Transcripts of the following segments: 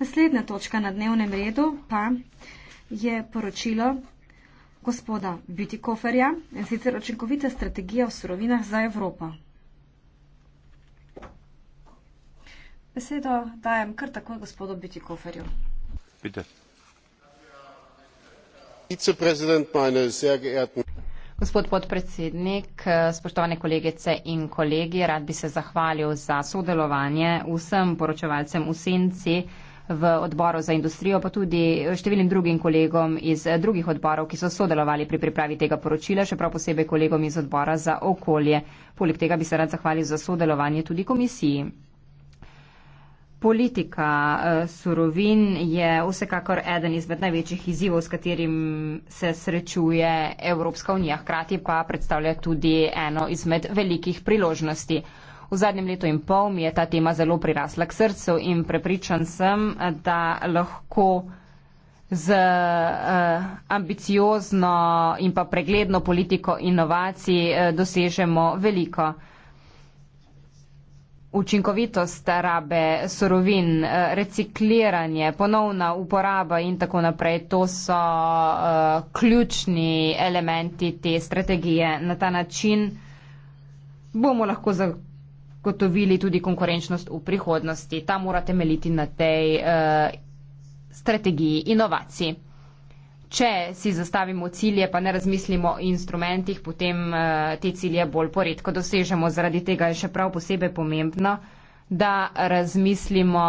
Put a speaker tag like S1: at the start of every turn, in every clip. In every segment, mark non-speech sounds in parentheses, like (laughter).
S1: Naslednja točka na dnevnem redu pa je poročilo gospoda Bitikoferja in sicer očinkovita strategija v surovinah za Evropo. Besedo dajem kar takoj
S2: gospodu Bitikoferju. Bite. Gospod podpredsednik, spoštovane kolegice in kolegi, rad bi se zahvalil za sodelovanje vsem poročevalcem v senci v odboru za industrijo, pa tudi številnim drugim kolegom iz drugih odborov, ki so sodelovali pri pripravi tega poročila, še prav posebej kolegom iz odbora za okolje. Poleg tega bi se rad zahvalil za sodelovanje tudi komisiji. Politika eh, surovin je vsekakor eden izmed največjih izzivov, s katerim se srečuje Evropska unija, hkrati pa predstavlja tudi eno izmed velikih priložnosti. V zadnjem letu in pol mi je ta tema zelo prirasla k srcu in prepričan sem, da lahko z eh, ambiciozno in pa pregledno politiko inovacij eh, dosežemo veliko. Učinkovitost rabe surovin, eh, recikliranje, ponovna uporaba in tako naprej, to so uh, ključni elementi te strategije. Na ta način bomo lahko zagotovili gotovili tudi konkurenčnost v prihodnosti. Ta mora temeljiti na tej uh, strategiji inovacij. Če si zastavimo cilje, pa ne razmislimo o instrumentih, potem uh, te cilje bolj poredko dosežemo. Zaradi tega je še prav posebej pomembno, da razmislimo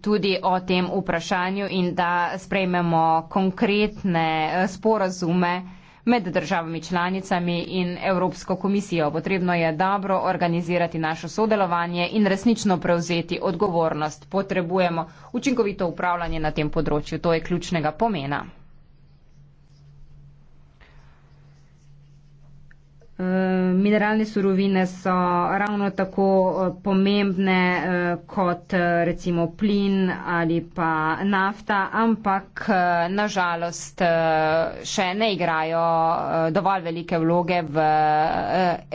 S2: tudi o tem vprašanju in da sprejmemo konkretne uh, sporazume, uh, med državami članicami in Evropsko komisijo. Potrebno je dobro organizirati naše sodelovanje in resnično prevzeti odgovornost. Potrebujemo učinkovito upravljanje na tem področju. To je ključnega pomena. Eh, mineralne surovine so ravno tako eh, pomembne eh, kot recimo plin ali pa nafta, ampak nažalost še ne igrajo dovolj velike vloge v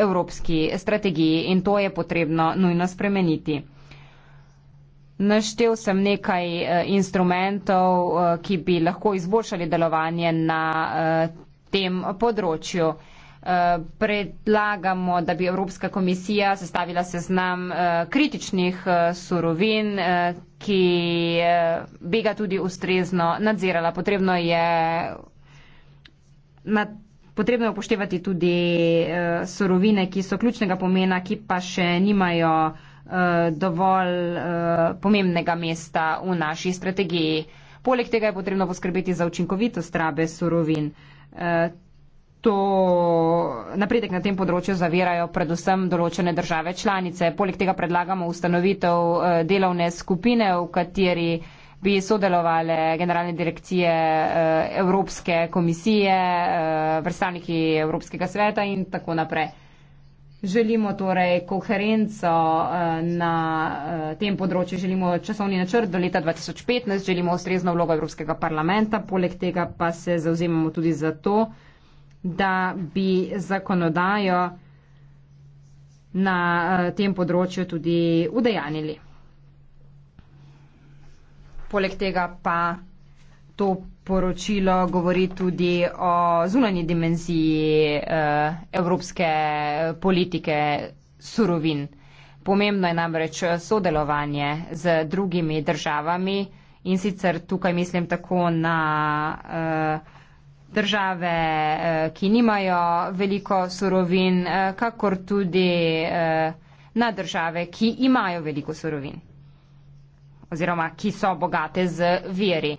S2: evropski strategiji in to je potrebno nujno spremeniti. Naštel sem nekaj instrumentov, ki bi lahko izboljšali delovanje na tem področju. Eh, predlagamo, da bi Evropska komisija sestavila seznam eh, kritičnih eh, surovin, ki bi ga tudi ustrezno nadzirala. Potrebno je, nad, potrebno je upoštevati tudi surovine, ki so ključnega pomena, ki pa še nimajo dovolj pomembnega mesta v naši strategiji. Poleg tega je potrebno poskrbeti za učinkovitost rabe surovin to napredek na tem področju zavirajo predvsem določene države članice. Poleg tega predlagamo ustanovitev eh, delovne skupine, v kateri bi sodelovali generalne direkcije eh, Evropske komisije, eh, predstavniki Evropskega sveta in tako naprej. Želimo torej koherenco na tem področju, želimo časovni načrt do leta 2015, želimo ustrezno vlogo Evropskega parlamenta, poleg tega pa se zauzemamo tudi za to, da bi zakonodajo na eh, tem področju tudi udejanili. Poleg tega pa to poročilo govori tudi o zunanji dimenziji eh, evropske politike surovin. Pomembno je namreč sodelovanje z drugimi državami in sicer tukaj mislim tako na uh, države, eh, ki nimajo veliko surovin, eh, kakor tudi eh, na države, ki imajo veliko surovin oziroma ki so bogate z viri.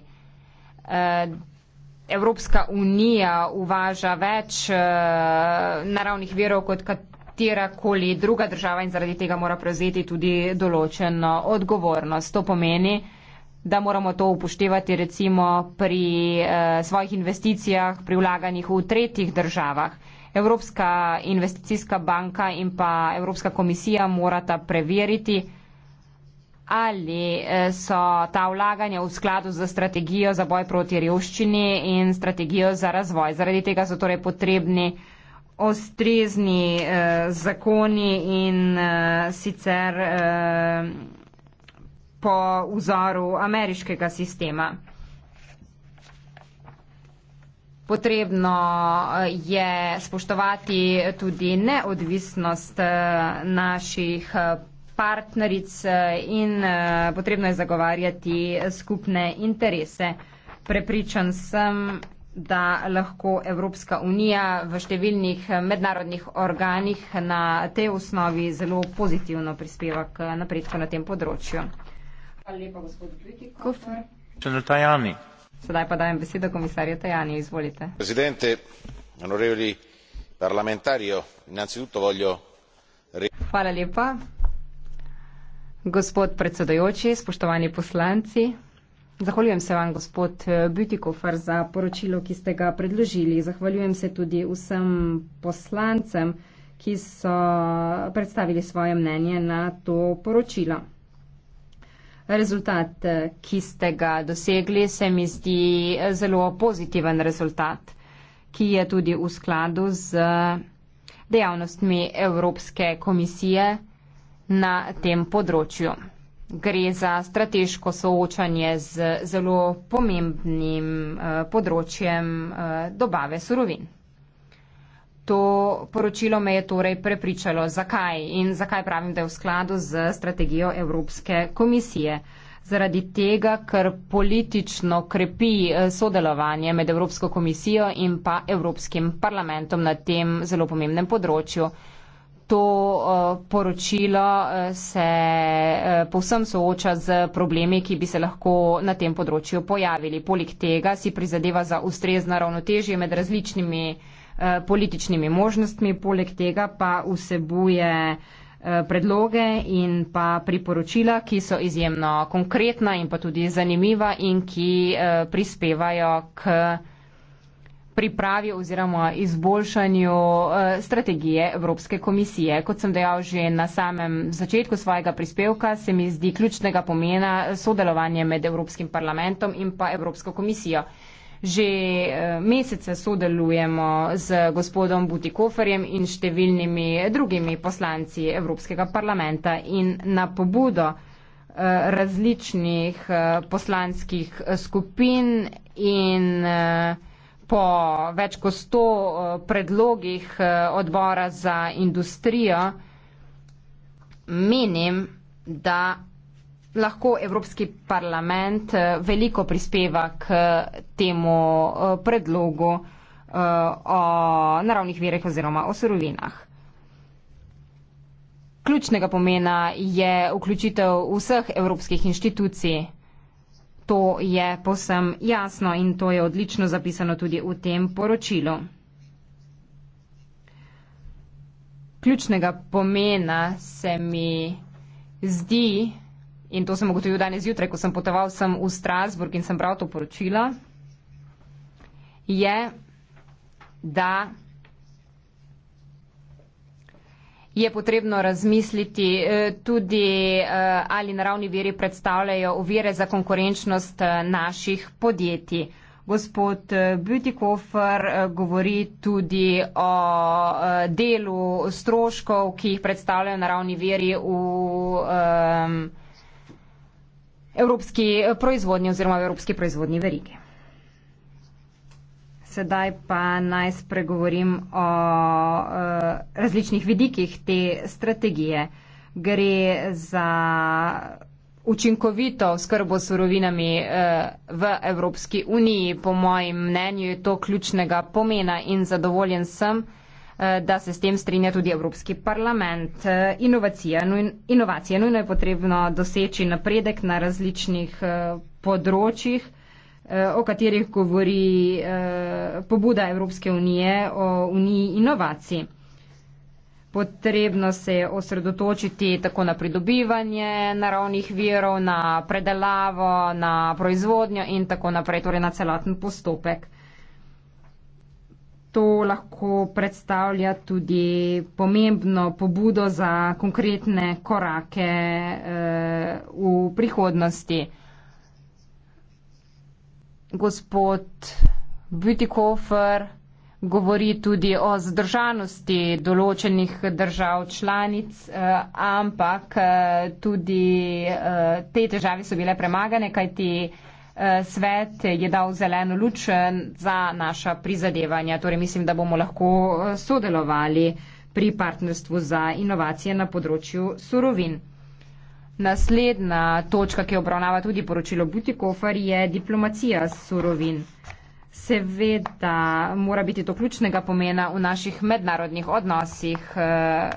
S2: Evropska unija uvaža več naravnih virov kot katerakoli druga država in zaradi tega mora prevzeti tudi določeno odgovornost. To pomeni, da moramo to upoštevati recimo pri eh, svojih investicijah, pri vlaganjih v tretjih državah. Evropska investicijska banka in pa Evropska komisija morata preveriti, ali eh, so ta vlaganja v skladu z strategijo za boj proti revščini in strategijo za razvoj. Zaradi tega so torej potrebni ostrezni eh, zakoni in eh, sicer. Eh, po vzoru ameriškega sistema. Potrebno eh, je spoštovati tudi neodvisnost eh, naših eh, partneric in potrebno je zagovarjati skupne interese. Prepričan sem, da lahko Evropska unija v številnih mednarodnih organih na tej osnovi zelo pozitivno prispeva k napredku na tem področju. Sedaj pa dajem besedo komisarju Tajani, izvolite.
S3: Presidente, onorevoli parlamentari, innanzitutto voglio.
S2: Hvala lepa. Gospod predsedujoči, spoštovani poslanci, zahvaljujem se vam, gospod eh, Butikofer, za poročilo, ki ste ga predložili. Zahvaljujem se tudi vsem poslancem, ki so predstavili svoje mnenje na to poročilo rezultat, eh, ki ste ga dosegli, se mi zdi eh, zelo pozitiven rezultat, ki je tudi v skladu z eh, dejavnostmi Evropske komisije na tem področju. Gre za strateško soočanje z zelo pomembnim področjem dobave surovin. To poročilo me je torej prepričalo, zakaj in zakaj pravim, da je v skladu z strategijo Evropske komisije. Zaradi tega, ker politično krepi eh, sodelovanje med Evropsko komisijo in pa Evropskim parlamentom na tem zelo pomembnem področju. To eh, poročilo eh, se povsem sooča z problemi, ki bi se lahko na tem področju pojavili. Poleg tega si prizadeva za ustrezna ravnotežje med različnimi Eh, političnimi možnostmi, poleg tega pa vsebuje eh, predloge in pa priporočila, ki so izjemno konkretna in pa tudi zanimiva in ki eh, prispevajo k pripravi oziroma izboljšanju strategije Evropske komisije. Kot sem dejal že na samem začetku svojega prispevka, se mi zdi ključnega pomena sodelovanje med Evropskim parlamentom in pa Evropsko komisijo že eh, mesece sodelujemo z gospodom Butikoferjem in številnimi drugimi poslanci Evropskega parlamenta in na pobudo eh, različnih eh, poslanskih skupin in po več kot sto predlogih odbora za industrijo menim, da lahko Evropski parlament eh, veliko prispeva k eh, temu eh, predlogu o naravnih virih oziroma o surovinah. Ključnega pomena je vključitev vseh evropskih inštitucij. To je posem jasno in to je odlično zapisano tudi v tem poročilu. Ključnega pomena se mi zdi, In to sem ugotovil danes zjutraj, ko sem potoval sem v Strasburg in sem bral to poročilo, je, da je potrebno razmisliti eh, tudi, eh, ali naravni veri predstavljajo uvire za konkurenčnost eh, naših podjetij. Gospod Bütikofer govori tudi o delu stroškov, ki jih predstavljajo naravni veri v. Um, evropski eh, proizvodnji oziroma v evropski proizvodni verigi. Sedaj pa naj spregovorim o e, različnih vidikih te strategije. Gre za učinkovito skrbo s surovinami e, v Evropski uniji. Po mojem mnenju je to ključnega pomena in zadovoljen sem, Eh, da se s tem strinja tudi Evropski parlament. Eh, inovacije, nuj, inovacije nujno je potrebno doseči napredek na različnih eh, področjih, o katerih govori pobuda Evropske unije o uniji inovacij. Potrebno se je osredotočiti tako na pridobivanje naravnih virov, na predelavo, na proizvodnjo in tako naprej, torej na celoten postopek to lahko predstavlja tudi pomembno pobudo za konkretne korake eh, v prihodnosti. Gospod Bütikofer govori tudi o zdržanosti določenih držav članic, eh, ampak eh, tudi eh, te težave so bile premagane, kajti eh, svet je dal zeleno luč eh, za naša prizadevanja. Torej mislim, da bomo lahko eh, sodelovali pri partnerstvu za inovacije na področju surovin. Naslednja točka, ki obravnava tudi poročilo Butikofer, je diplomacija surovin. Seveda mora biti to ključnega pomena v naših mednarodnih odnosih eh,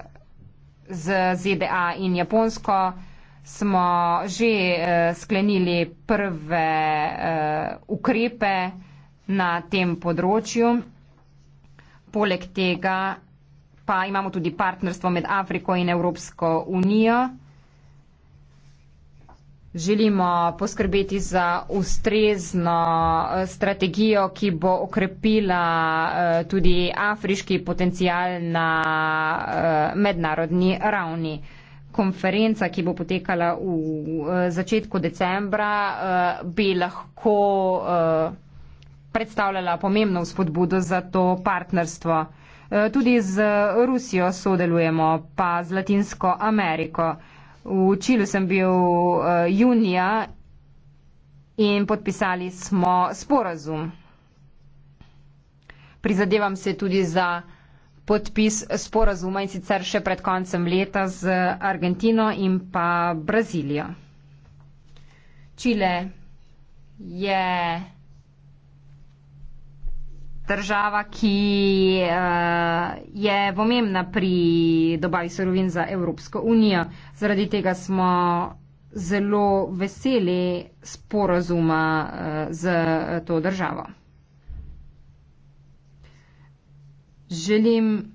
S2: z ZDA in Japonsko smo že uh, sklenili prve uh, ukrepe na tem področju. Poleg tega pa imamo tudi partnerstvo med Afriko in Evropsko unijo. Želimo poskrbeti za ustrezno eh, strategijo, ki bo okrepila tudi afriški potencial na mednarodni ravni konferenca, ki bo potekala v eh, začetku decembra, eh, bi lahko eh, predstavljala pomembno spodbudo za to partnerstvo. Tudi z Rusijo sodelujemo, pa z Latinsko Ameriko. V Čilu sem bil junija in podpisali smo sporazum. Prizadevam se tudi za podpis sporazuma in sicer še pred koncem leta z Argentino in pa Brazilijo. Čile je država, ki uh, je pomembna pri dobavi surovin za Evropsko unijo. Zaradi tega smo zelo veseli sporazuma uh, z to državo. Želim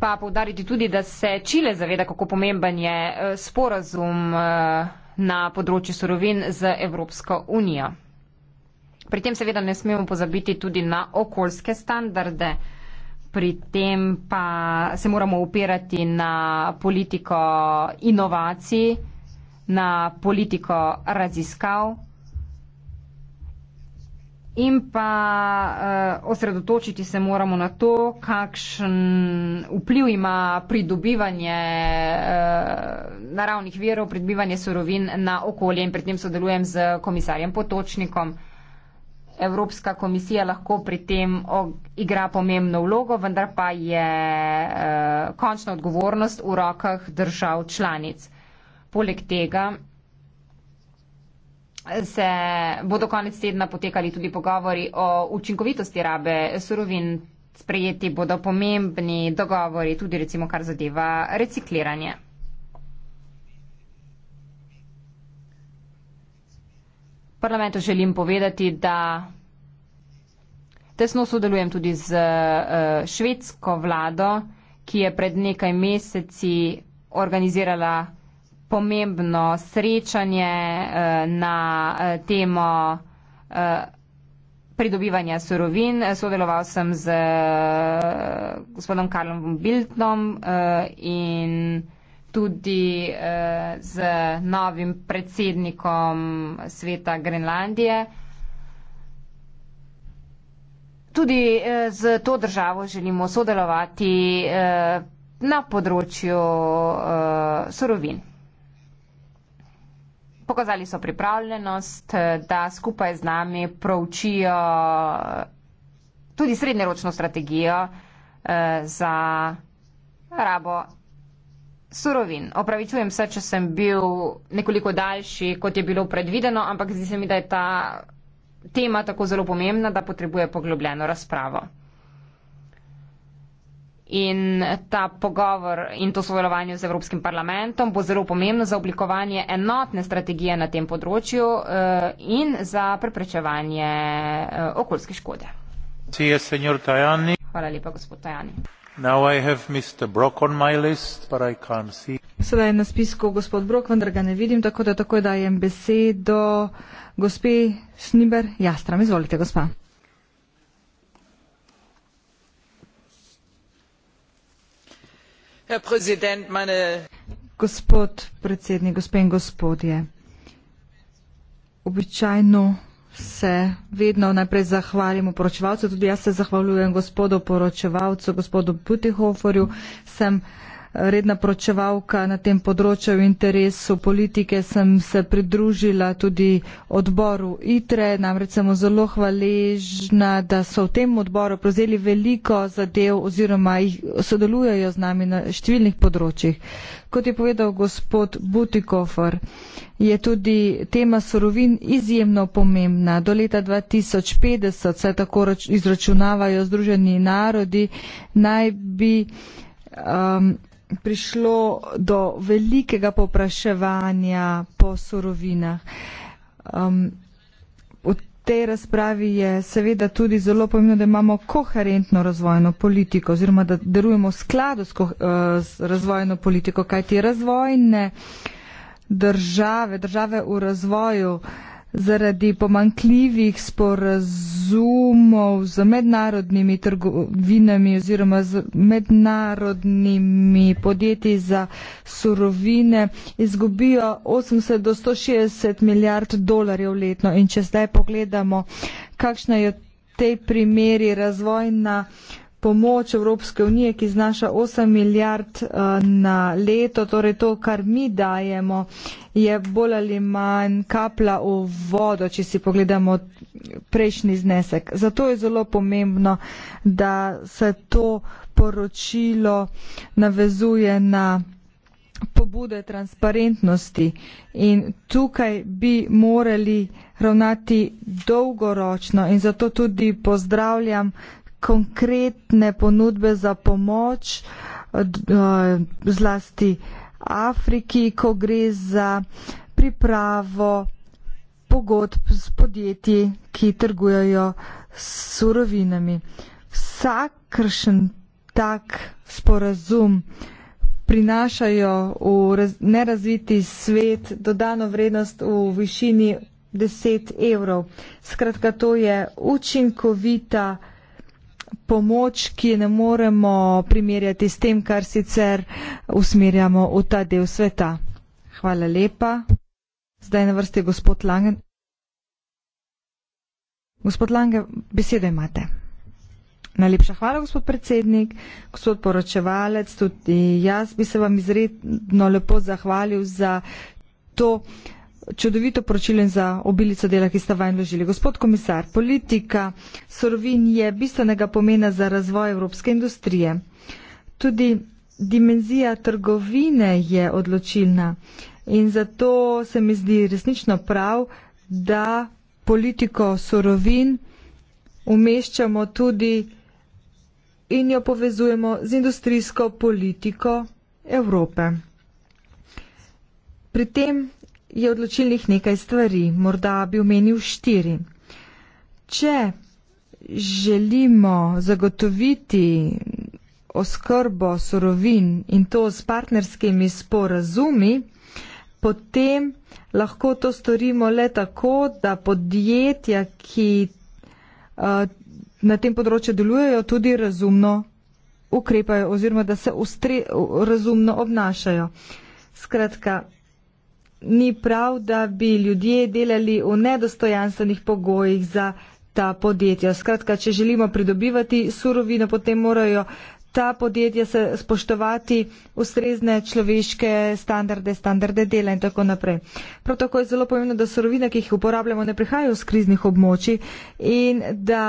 S2: pa povdariti tudi, da se Čile zaveda, kako pomemben je eh, sporazum eh, na področju surovin z Evropsko unijo. Pri tem seveda ne smemo pozabiti tudi na okoljske standarde, pri tem pa se moramo upirati na politiko inovacij, na politiko raziskav in pa uh, osredotočiti se moramo na to, kakšen vpliv ima pridobivanje uh, naravnih verov, pridobivanje surovin na okolje in pri tem sodelujem z komisarjem Potočnikom. Evropska komisija lahko pri tem igra pomembno vlogo, vendar pa je uh, končna odgovornost v rokah držav članic. Poleg tega se bodo konec tedna potekali tudi pogovori o učinkovitosti rabe surovin. Sprejeti bodo pomembni dogovori, tudi recimo kar zadeva recikliranje. Parlamentu želim povedati, da tesno sodelujem tudi z eh, švedsko vlado, ki je pred nekaj meseci organizirala pomembno srečanje eh, na eh, temo eh, pridobivanja surovin. Sodeloval sem z gospodom Karlom Biltnom in tudi z novim predsednikom sveta Grenlandije. Tudi z to državo želimo sodelovati na področju surovin pokazali so pripravljenost, da skupaj z nami proučijo tudi srednjeročno strategijo eh, za rabo surovin. Opravičujem se, če sem bil nekoliko daljši, kot je bilo predvideno, ampak zdi se mi, da je ta tema tako zelo pomembna, da potrebuje poglobljeno razpravo. In ta pogovor in to sodelovanje z Evropskim parlamentom bo zelo pomembno za oblikovanje enotne strategije na tem področju eh, in za preprečevanje eh, okoljske škode. Hvala lepa, gospod Tajani. Sedaj je na spisku gospod Brok,
S4: vendar ga ne vidim, tako da takoj dajem besedo gospe Šniber Jastram. Izvolite, gospa. gospod predsednik gospe in gospodje običajno se vedno najprej zahvalimo poročevalcu tudi jaz se zahvaljujem gospodu poročevalcu gospodu btihofferju sem redna pročevalka na tem področju v interesu politike, sem se pridružila tudi odboru ITRE, namreč sem zelo hvaležna, da so v tem odboru prevzeli veliko zadev oziroma jih sodelujejo z nami na številnih področjih. Kot je povedal gospod Butikofer, je tudi tema sorovin izjemno pomembna. Do leta 2050, saj tako izračunavajo Združeni narodi, naj bi um, prišlo do velikega popraševanja po surovinah. Um, v tej razpravi je seveda tudi zelo pomembno, da imamo koherentno razvojno politiko oziroma da delujemo v skladu s, uh, eh, s razvojno politiko, kajti razvojne države, države v razvoju uh, zaradi pomankljivih sporazumov z mednarodnimi trgovinami oziroma z mednarodnimi podjetji za surovine izgubijo 80 do 160 milijard dolarjev letno. In če zdaj pogledamo, kakšna je v tej primeri razvojna pomoč Evropske unije, ki znaša 8 milijard eh, na leto, torej to, kar mi dajemo, je bolj ali manj kapla v vodo, če si pogledamo prejšnji znesek. Zato je zelo pomembno, da se to poročilo navezuje na pobude transparentnosti in tukaj bi morali ravnati dolgoročno in zato tudi pozdravljam konkretne ponudbe za pomoč, eh, zlasti Afriki, ko gre za pripravo pogodb s podjetji, ki trgujejo s surovinami. Vsakršen tak sporazum prinašajo v nerazviti svet dodano vrednost v višini 10 evrov. Skratka, to je učinkovita pomoč, ki ne moremo primerjati s tem, kar sicer usmerjamo v ta del sveta. Hvala lepa. Zdaj na vrsti gospod Lange. Gospod Lange, besedo imate. Najlepša hvala, gospod predsednik, gospod poročevalec, tudi jaz bi se vam izredno lepo zahvalil za to, čudovito poročilo in za obilico dela, ki ste vanj vložili. Gospod komisar, politika sorovin je bistvenega pomena za razvoj evropske industrije. Tudi dimenzija trgovine je odločilna in zato se mi zdi resnično prav, da politiko sorovin umeščamo tudi in jo povezujemo z industrijsko politiko Evrope. Pri tem je odločilnih nekaj stvari, morda bi omenil štiri. Če želimo zagotoviti oskrbo sorovin in to s partnerskimi sporazumi, potem lahko to storimo le tako, da podjetja, ki eh, na tem področju delujejo, tudi razumno ukrepajo oziroma da se ustre, razumno obnašajo. Skratka, ni prav, da bi ljudje delali v nedostojanstvenih pogojih za ta podjetja. Skratka, če želimo pridobivati surovino, potem morajo ta podjetja se spoštovati ustrezne človeške standarde, standarde dela in tako naprej. Prav tako je zelo pomembno, da sorovine, ki jih uporabljamo, ne prihajajo z kriznih območij in da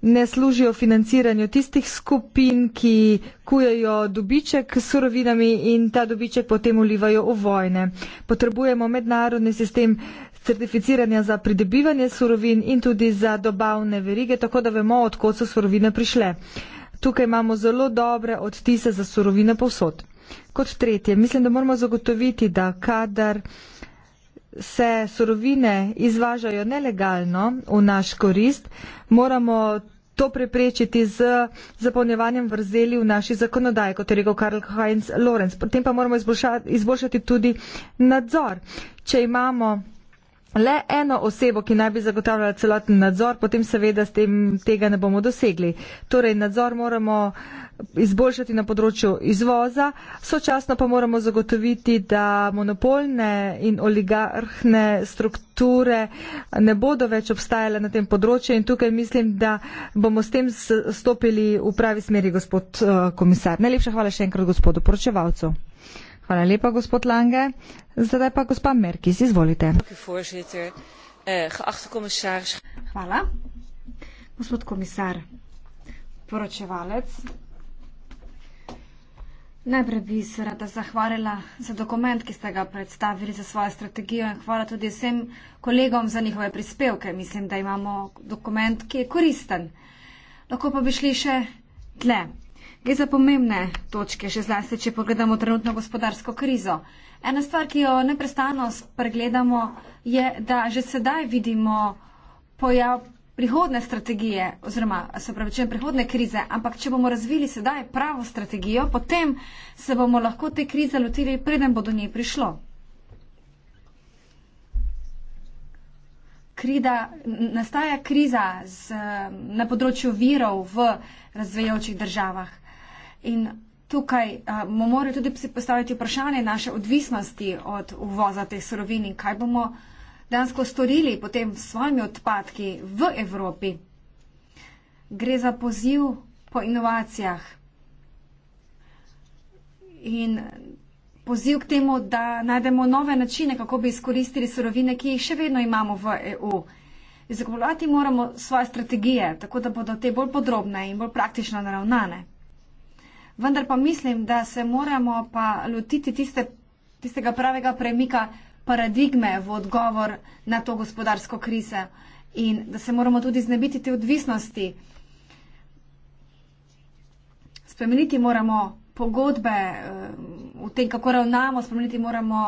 S4: ne služijo financiranju tistih skupin, ki kujejo dobiček s sorovinami in ta dobiček potem ulivajo v vojne. Potrebujemo mednarodni sistem certificiranja za pridobivanje sorovin in tudi za dobavne verige, tako da vemo, odkot so sorovine prišle. Tukaj imamo zelo dobre odtise za surovine povsod. Kot tretje, mislim, da moramo zagotoviti, da kadar se surovine izvažajo nelegalno v naš korist, moramo to preprečiti z zapolnjevanjem vrzeli v naši zakonodaji, kot je rekel Karl Heinz Lorenz. Potem pa moramo izboljšati tudi nadzor. Če imamo le eno osebo, ki naj bi zagotavljala celoten nadzor, potem seveda s tem tega ne bomo dosegli. Torej, nadzor moramo izboljšati na področju izvoza, sočasno pa moramo zagotoviti, da monopolne in oligarhne strukture ne bodo več obstajale na tem področju in tukaj mislim, da bomo s tem stopili v pravi smeri, gospod eh, komisar. Najlepša hvala še enkrat gospodu poročevalcu. Hvala lepa, gospod Lange. Zdaj pa gospa Merkis, izvolite.
S5: Eh, hvala.
S1: Gospod komisar, poročevalec, najprej bi se rada zahvalila za dokument, ki ste ga predstavili za svojo strategijo in hvala tudi vsem kolegom za njihove prispevke. Mislim, da imamo dokument, ki je koristen. Lahko pa bi šli še tle. Gre za pomembne točke, še zlasti, če pogledamo trenutno gospodarsko krizo. Ena stvar, ki jo neprestano spregledamo, je, da že sedaj vidimo pojav prihodne strategije oziroma, se pravičujem, prihodne krize, ampak če bomo razvili sedaj pravo strategijo, potem se bomo lahko te krize lotili, preden bo do nje prišlo. Krida, nastaja kriza z, na področju virov v razvejočih državah. In tukaj bomo uh, morali tudi postaviti vprašanje naše odvisnosti od uvoza teh sorovin in kaj bomo dansko storili potem s svojimi odpadki v Evropi. Gre za poziv po inovacijah in poziv k temu, da najdemo nove načine, kako bi izkoristili sorovine, ki jih še vedno imamo v EU. Zagovarjati moramo svoje strategije, tako da bodo te bolj podrobne in bolj praktično naravnane vendar pa mislim, da se moramo pa lotiti tiste, tistega pravega premika paradigme v odgovor na to gospodarsko krize in da se moramo tudi znebiti te odvisnosti. Spremeniti moramo pogodbe eh, v tem, kako ravnamo, spremeniti moramo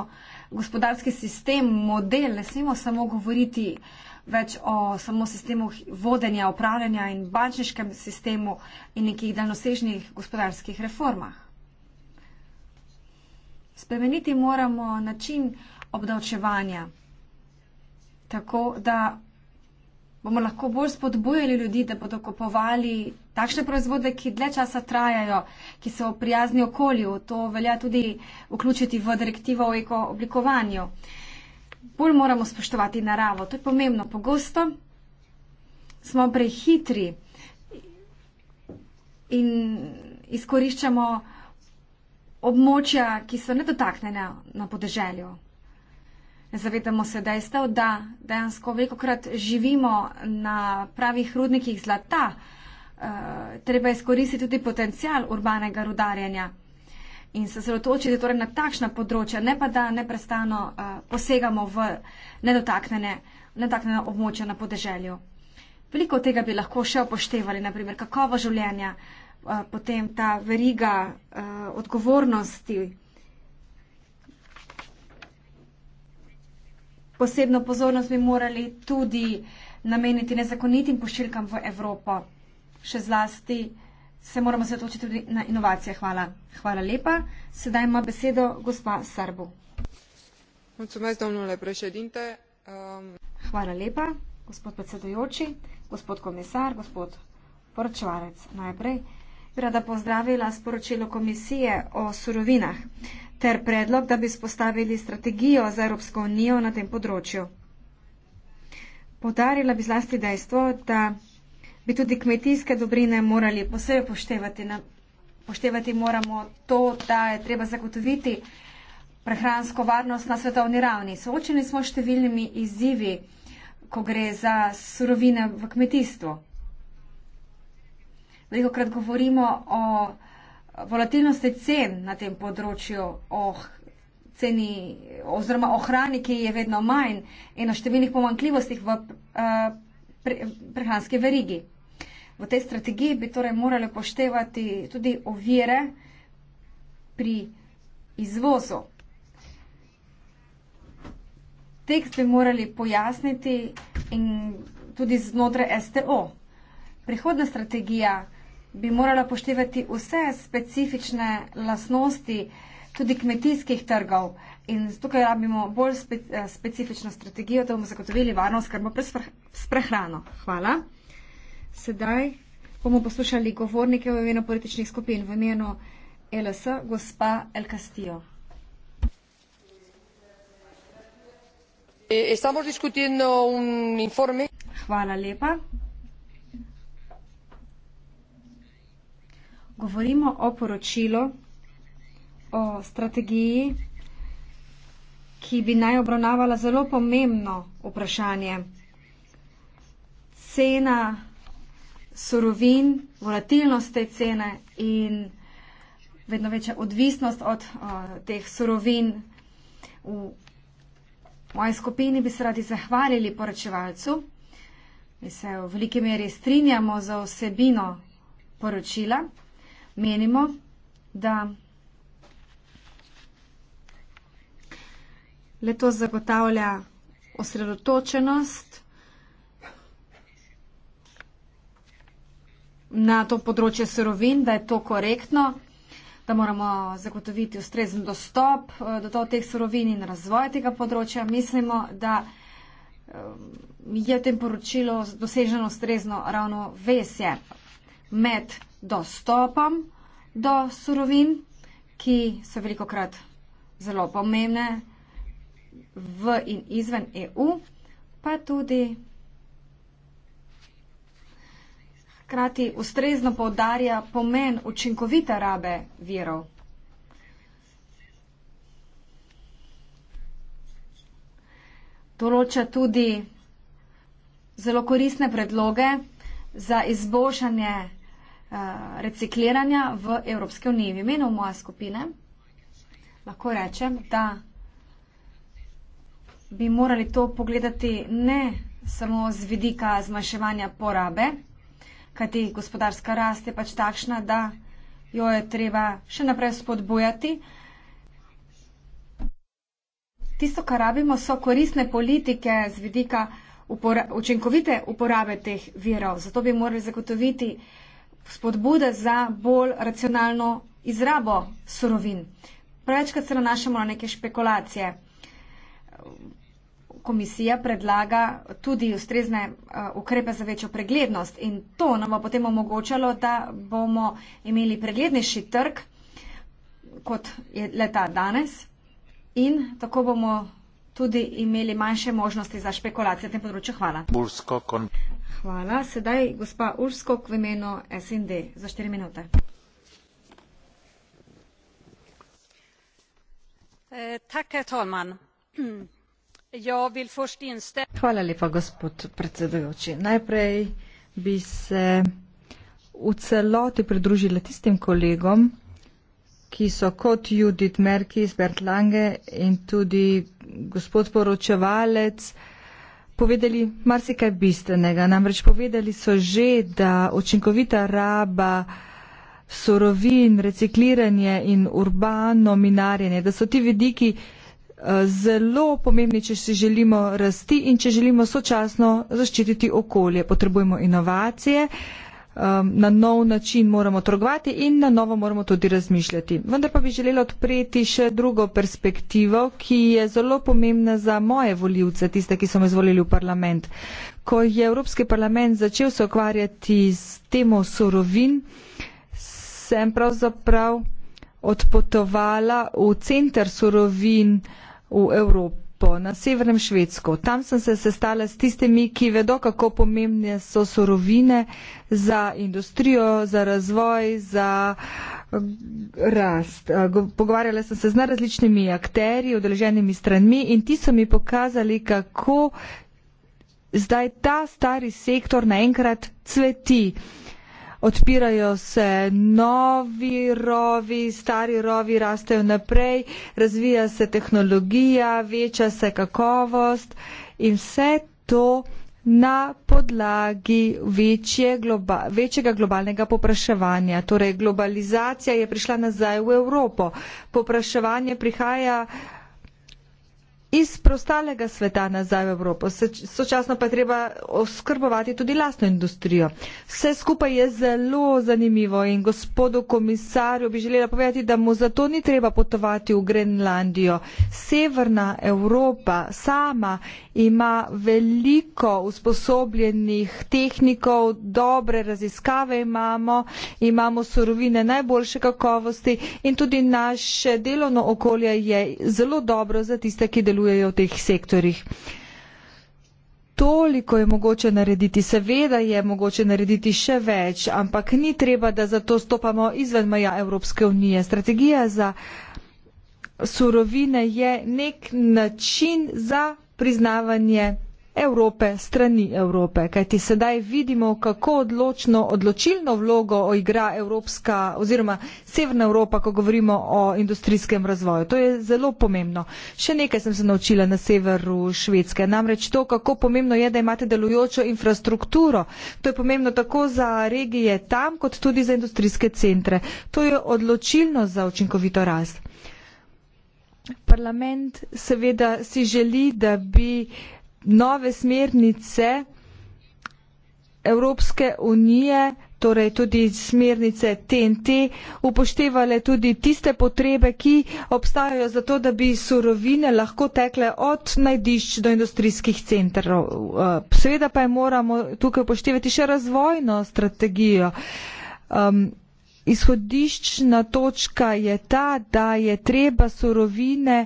S1: gospodarski sistem, model, ne smemo samo govoriti. Uh, več o samo sistemu vodenja, upravljanja in bančniškem sistemu in nekih daljnosežnih gospodarskih reformah. Spremeniti moramo način obdavčevanja, tako da bomo lahko bolj spodbujali ljudi, da bodo kupovali takšne proizvode, ki dlje časa trajajo, ki so prijazni okolju. To velja tudi vključiti v direktivo o ekooblikovanju. oblikovanju bolj moramo spoštovati naravo. To je pomembno. Pogosto smo prehitri in izkoriščamo območja, ki so nedotaknjena na podeželju. Ne zavedamo se dejstev, da dejansko veliko krat živimo na pravih rudnikih zlata. Uh, treba izkoristiti tudi potencial urbanega rudarjenja in se osredotočiti torej na takšna področja, ne pa da neprestano uh, posegamo v nedotaknjena območja na podeželju. Veliko tega bi lahko še upoštevali, naprimer kakovo življenja, uh, potem ta veriga uh, odgovornosti, posebno pozornost bi morali tudi nameniti nezakonitim pošiljkam v Evropo, še zlasti se moramo osredotočiti tudi na inovacije. Hvala. Hvala lepa. Sedaj ima besedo gospa Srbo. Mulțumesc, domnule președinte. Um... Hvala lepa, gospod predsedujoči, gospod komisar, gospod poročevalec najprej. Bi rada pozdravila sporočilo komisije o surovinah ter predlog, da bi spostavili strategijo za Evropsko unijo na tem področju. Podarila bi zlasti dejstvo, da bi tudi kmetijske dobrine morali posebej poštevati. Na, poštevati moramo to, da je treba zagotoviti prehransko varnost na svetovni ravni. Soočeni smo s številnimi izzivi, ko gre za surovine v kmetijstvu. Veliko krat govorimo o volatilnosti cen na tem področju, o ceni oziroma o hrani, ki je vedno manj in o številnih pomankljivostih v uh, prehranske verigi. V tej strategiji bi torej morali poštevati tudi ovire pri izvozu. Tekst bi morali pojasniti in tudi znotraj STO. Prihodna strategija bi morala poštevati vse specifične lasnosti tudi kmetijskih trgov. In tukaj rabimo bolj speci, eh, specifično strategijo, da bomo zagotovili varno skrbo s prehrano. Hvala. Sedaj bomo poslušali govornike v imenu političnih skupin v imenu LS, gospa El Castillo. Eh, Hvala lepa. Govorimo o poročilu o strategiji ki bi naj obravnavala zelo pomembno vprašanje. Cena surovin, volatilnost te cene in vedno večja odvisnost od o, eh, teh surovin. V moji skupini bi se radi zahvalili poročevalcu. Mi se v veliki meri strinjamo za osebino poročila. Menimo, da le to zagotavlja osredotočenost na to področje surovin, da je to korektno, da moramo zagotoviti ustrezen dostop eh, do teh surovin in razvoj tega področja. Mislimo, da eh, je v tem poročilu doseženo ustrezno ravno vesje med dostopom do surovin, ki so veliko krat zelo pomembne v in izven EU, pa tudi hkrati ustrezno povdarja pomen učinkovite rabe virov. Določa tudi zelo koristne predloge za izboljšanje eh, recikliranja v Evropske unije. V imenu moja skupine lahko rečem, da bi morali to pogledati ne samo z vidika zmanjševanja porabe, kajti gospodarska rast je pač takšna, da jo je treba še naprej spodbujati. Tisto, kar rabimo, so korisne politike z vidika upora učinkovite uporabe teh virov. Zato bi morali zagotoviti spodbude za bolj racionalno izrabo surovin. Prevečkrat se nanašamo na neke špekulacije komisija predlaga tudi ustrezne eh, ukrepe za večjo preglednost in to nam bo potem omogočalo, da bomo imeli preglednejši trg, kot je leta danes in tako bomo tudi imeli manjše možnosti za špekulacije na tem področju. Hvala. Hvala. Sedaj gospa Urskok v imenu SND za 4 minute.
S5: Eh, tak, herr Tolman.
S4: Ja, Hvala lepa, gospod predsedujoči. Najprej bi se v celoti pridružila tistim kolegom, ki so kot Judith Merkis, Bert Lange in tudi gospod poročevalec povedali marsikaj bistvenega. Namreč povedali so že, da učinkovita raba surovin, recikliranje in urbano minarjenje, da so ti vidiki zelo pomembni, če si želimo rasti in če želimo sočasno zaščititi okolje. Potrebujemo inovacije, um, na nov način moramo trgovati in na novo moramo tudi razmišljati. Vendar pa bi želela odpreti še drugo perspektivo, ki je zelo pomembna za moje voljivce, tiste, ki so me zvolili v parlament. Ko je Evropski parlament začel se okvarjati s temo surovin, sem pravzaprav odpotovala v center surovin uh, v Evropo. Na severnem Švedsko. Tam sem se sestala s tistimi, ki vedo, kako pomembne so sorovine za industrijo, za razvoj, za eh, rast. Eh, pogovarjala sem se z različnimi akteri, odreženimi stranmi in ti so mi pokazali, kako zdaj ta stari sektor naenkrat cveti odpirajo se novi rovi, stari rovi rastejo naprej, razvija se tehnologija, veča se kakovost in vse to na podlagi večje, globa, večjega globalnega popraševanja. Torej globalizacija je prišla nazaj v Evropo. Popraševanje prihaja iz preostalega sveta nazaj v Evropo. Sočasno pa je treba oskrbovati tudi lastno industrijo. Vse skupaj je zelo zanimivo in gospodu komisarju bi želela povedati, da mu zato ni treba potovati v Grenlandijo. Severna Evropa sama ima veliko usposobljenih tehnikov, dobre raziskave imamo, imamo sorovine najboljše kakovosti in tudi naše delovno okolje je zelo dobro za tiste, ki delujejo delujejo v teh sektorjih. Toliko je mogoče narediti, seveda je mogoče narediti še več, ampak ni treba, da zato stopamo izven meja Evropske unije. Strategija za surovine je nek način za priznavanje Evrope strani Evrope, kajti sedaj vidimo, kako odločno, odločilno vlogo igra Evropska oziroma Severna Evropa, ko govorimo o industrijskem razvoju. To je zelo pomembno. Še nekaj sem se naučila na severu Švedske, namreč to, kako pomembno je, da imate delujočo infrastrukturo. To je pomembno tako za regije tam, kot tudi za industrijske centre. To je odločilno za učinkovito rast. Parlament seveda si želi, da bi nove smernice Evropske unije, torej tudi smernice TNT, upoštevale tudi tiste potrebe, ki obstajajo za to, da bi surovine lahko tekle od najdišč do industrijskih centrov. Eh, seveda pa je moramo tukaj upoštevati še razvojno strategijo. Um, Izhodiščna točka je ta, da je treba surovine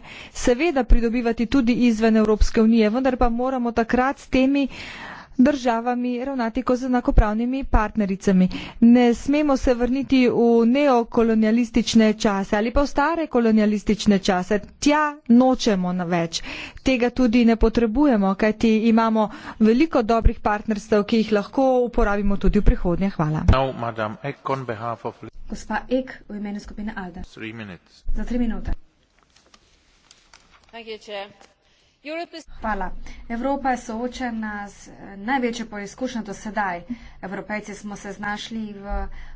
S4: seveda pridobivati tudi izven Evropske unije, vendar pa moramo takrat s temi uh, državami ravnati kot z enakopravnimi partnericami. Ne smemo se vrniti v neokolonialistične čase ali pa v stare kolonialistične čase. Tja nočemo več. Tega tudi ne potrebujemo, kajti imamo veliko dobrih partnerstv, ki jih lahko uporabimo tudi v prihodnje. Hvala.
S3: Now, Madam, Ek, of... Gospa Ek,
S1: v imenu skupine
S3: Alda.
S4: Za tri
S1: minute. Thank you, Chair. Hvala. Evropa je soočena z eh, največjo poizkušnjo do sedaj. Evropejci smo se znašli v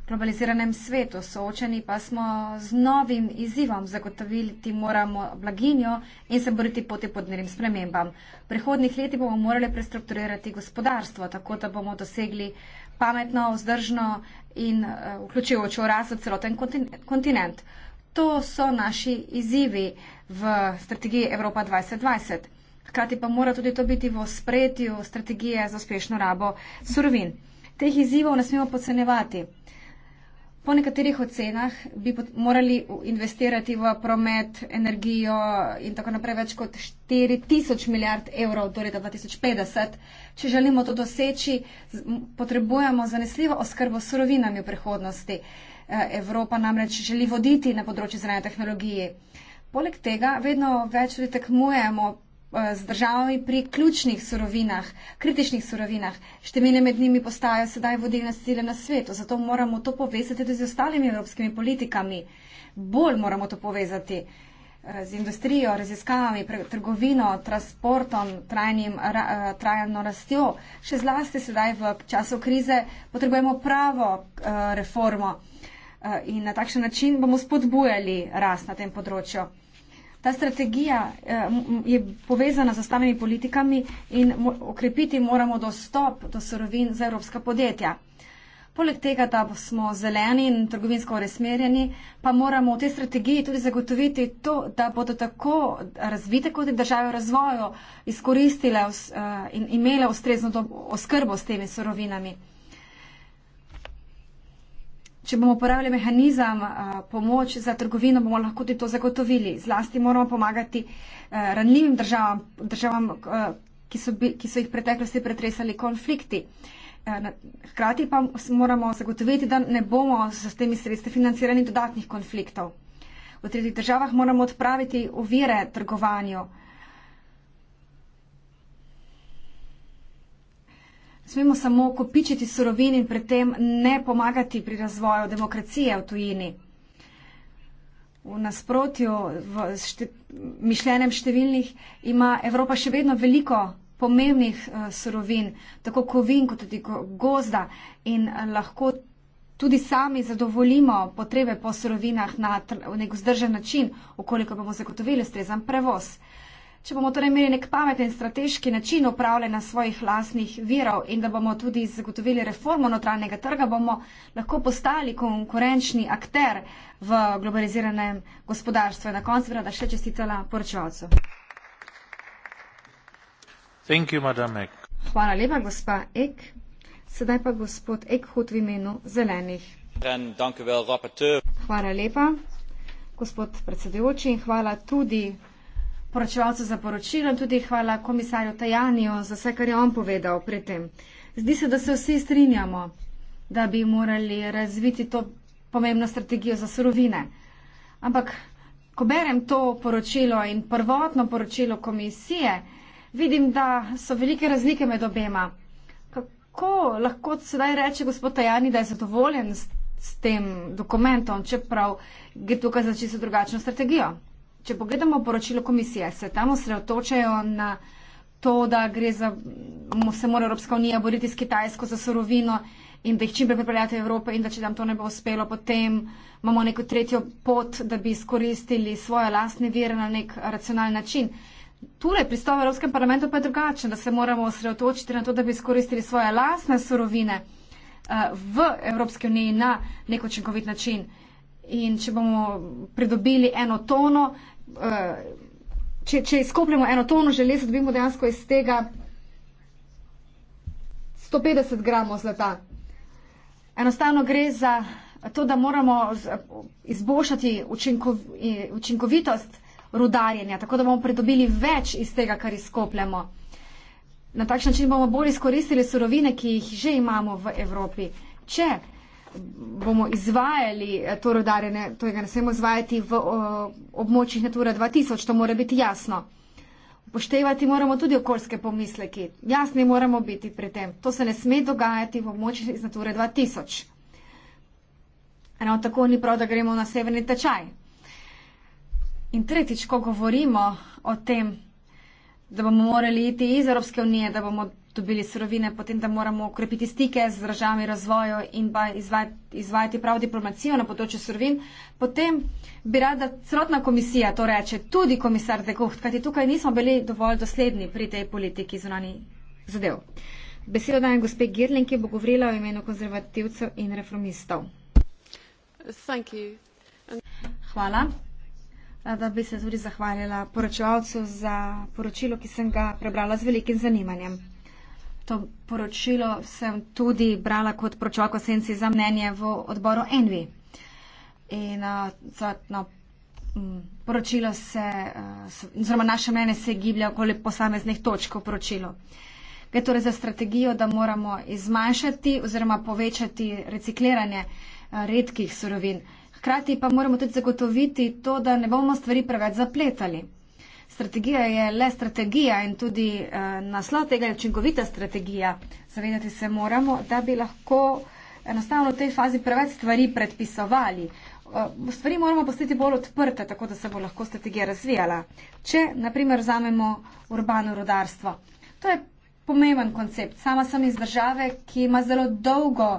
S1: globaliziranem svetu, soočeni pa smo z novim izzivom. Zagotoviti moramo blaginjo in se boriti poti podnebnim spremembam. V prihodnih leti bomo morali prestrukturirati gospodarstvo, tako da bomo dosegli pametno, vzdržno in eh, vključujočo razvoj celoten kontinent. To so naši izzivi v strategiji Evropa 2020 hkrati pa mora tudi to biti v spretju strategije za uspešno rabo surovin. Teh izzivov ne smemo podcenevati. Po nekaterih ocenah bi morali investirati v promet, energijo in tako naprej več kot 4 tisoč milijard evrov do leta 2050. Če želimo to doseči, potrebujemo zanesljivo oskrbo s surovinami v prihodnosti. E, Evropa namreč želi voditi na področju zelene tehnologije. Poleg tega vedno več tudi tekmujemo Eh, z državami pri ključnih surovinah, kritičnih surovinah. Številne med njimi postajajo sedaj vodilne sile na svetu, zato moramo to povezati tudi z ostalimi evropskimi politikami. Bolj moramo to povezati eh, z industrijo, raziskavami, trgovino, transportom, trajnim, eh, trajno rastjo. Še zlasti sedaj v času krize potrebujemo pravo reformo in na takšen način bomo spodbujali rast na tem področju ta strategija eh, je povezana z ostalimi politikami in okrepiti moramo dostop do sorovin za evropska podjetja. Poleg tega, da smo zeleni in trgovinsko resmerjeni, pa moramo v tej strategiji tudi zagotoviti to, da bodo tako razvite kot države v razvoju izkoristile eh, in imele ustrezno oskrbo s temi sorovinami. Če bomo uporabljali mehanizem a, eh, pomoč za trgovino, bomo lahko tudi to zagotovili. Zlasti moramo pomagati a, eh, ranljivim državam, državam a, eh, ki, so bi, ki so jih v preteklosti pretresali konflikti. Hkrati pa moramo zagotoviti, da ne bomo s temi sredstvi financirani dodatnih konfliktov. V tretjih državah moramo odpraviti ovire trgovanju. smemo samo kopičiti surovin in pri tem ne pomagati pri razvoju demokracije v tujini. V nasprotju v šte, mišljenjem številnih ima Evropa še vedno veliko pomembnih uh, surovin, tako kovin kot tudi gozda in eh, lahko tudi sami zadovoljimo potrebe po surovinah na, na nek vzdržen način, ukoliko bomo zagotovili strezan prevoz. Če bomo torej imeli nek pameten strateški način upravljanja svojih lastnih virov in da bomo tudi zagotovili reformo notranjega trga, bomo lahko postali konkurenčni akter v globaliziranem gospodarstvu. Na koncu bi rada še čestitala poročevalcu. Hvala lepa, gospa Ek. Sedaj pa gospod Ekhut v imenu zelenih.
S3: Hvala
S1: lepa, gospod predsedujoči, in hvala tudi poročevalcu za poročilo in tudi hvala komisarju Tajaniju za vse, kar je on povedal pri tem. Zdi se, da se vsi strinjamo, da bi morali razviti to pomembno strategijo za surovine. Ampak, ko berem to poročilo in prvotno poročilo komisije, vidim, da so velike razlike med obema. Kako lahko sedaj reče gospod Tajani, da je zadovoljen s tem dokumentom, čeprav gre tukaj za čisto drugačno strategijo? če pogledamo poročilo komisije, se tam osredotočajo na to, da za, se mora Evropska unija boriti s Kitajsko za sorovino in da jih čim prej pripeljati v Evropo in da če nam to ne bo uspelo, potem imamo neko tretjo pot, da bi izkoristili svoje lastne vire na nek racionalen način. Tule pristop v Evropskem parlamentu pa je drugačen, da se moramo osredotočiti na to, da bi izkoristili svoje lastne sorovine uh, eh, v Evropski uniji na nek učinkovit način. Uh, in če bomo pridobili eno tono, eh, če, če izkopljamo eno tono železa, dobimo dejansko iz tega 150 gramov zlata. Enostavno gre za to, da moramo izboljšati učinkovitost rudarjenja, tako da bomo pridobili več iz tega, kar izkopljamo. Na takšen način bomo bolj izkoristili surovine, ki jih že imamo v Evropi. Če bomo izvajali eh, to rodarjenje, to je ga ne smemo izvajati v eh, območjih Natura 2000, to mora biti jasno. Upoštevati moramo tudi okoljske pomisleke, jasni moramo biti pri tem. To se ne sme dogajati v območjih iz Natura 2000. Eno tako ni prav, da gremo na severni tečaj. In tretjič, ko govorimo o tem, da bomo morali iti iz Evropske unije, da bomo dobili surovine, potem da moramo ukrepiti stike z državami razvoju in pa izvajati, izvajati prav diplomacijo na področju surovin, potem bi rada celotna komisija to reče, tudi komisar De Gucht, kajti tukaj nismo bili dovolj dosledni pri tej politiki zunani zadev. Besedo dajem gospe Girling, ki bo govorila o imenu konzervativcev in reformistov. Hvala. Rada bi se tudi zahvalila poročevalcu za poročilo, ki sem ga prebrala z velikim zanimanjem to poročilo sem tudi brala kot pročovako senci za mnenje v odboru Envi. In uh, za no, poročilo se, uh, oziroma naše mnenje se giblja okoli posameznih točk v poročilu. Gre torej za strategijo, da moramo izmanjšati oziroma povečati recikliranje eh, redkih surovin. Hkrati pa moramo tudi zagotoviti to, da ne bomo stvari preveč zapletali strategija je le strategija in tudi uh, naslov tega je učinkovita strategija. Zavedati se moramo, da bi lahko enostavno v tej fazi preveč stvari predpisovali. Uh, stvari moramo postati bolj odprte, tako da se bo lahko strategija razvijala. Če, naprimer, vzamemo urbano rodarstvo. To je pomemben koncept. Sama sem iz države, ki ima zelo dolgo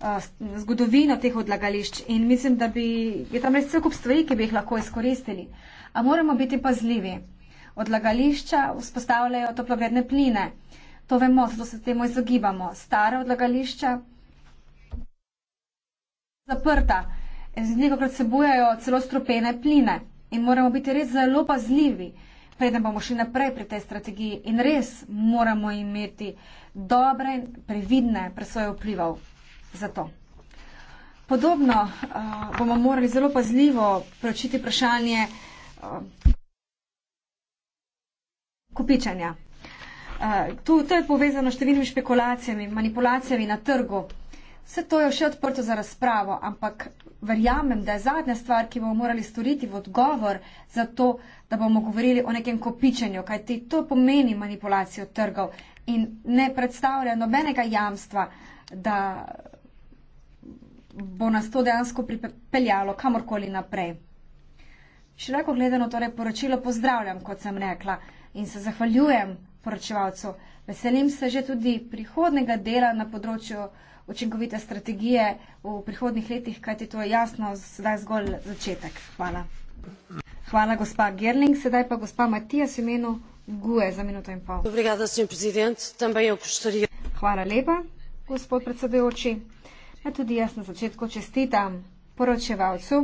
S1: eh, zgodovino teh odlagališč in mislim, da bi, je tam res cel kup stvari, ki bi jih lahko izkoristili. A moramo biti pazljivi odlagališča vzpostavljajo toplogredne pline. To vemo, zato se temu izogibamo. Stara odlagališča zaprta. Z njega krat se bujajo celo stropene pline in moramo biti res zelo pazljivi, preden bomo šli naprej pri tej strategiji in res moramo imeti dobre, previdne presoje vplival za to. Podobno uh, bomo morali zelo pazljivo preučiti vprašanje. Uh, kopičanja. Uh, to je povezano s številnimi špekulacijami, manipulacijami na trgu. Vse to je še odprto za razpravo, ampak verjamem, da je zadnja stvar, ki bomo morali storiti v odgovor za to, da bomo govorili o nekem kopičenju, kajti to pomeni manipulacijo trgov in ne predstavlja nobenega jamstva, da bo nas to dejansko pripeljalo kamorkoli naprej. Široko gledano torej poročilo pozdravljam, kot sem rekla. Uh, in se zahvaljujem poročevalcu. Veselim se že tudi prihodnega dela na področju učinkovite strategije v prihodnih letih, kajti to je jasno sedaj zgolj začetek. Hvala. Hvala, gospa Gerling. Sedaj pa gospa Matija s imenu Gue za minuto in pol. Obrigada, Hvala lepa, gospod predsedujoči. Ja, tudi jaz na začetku čestitam poročevalcu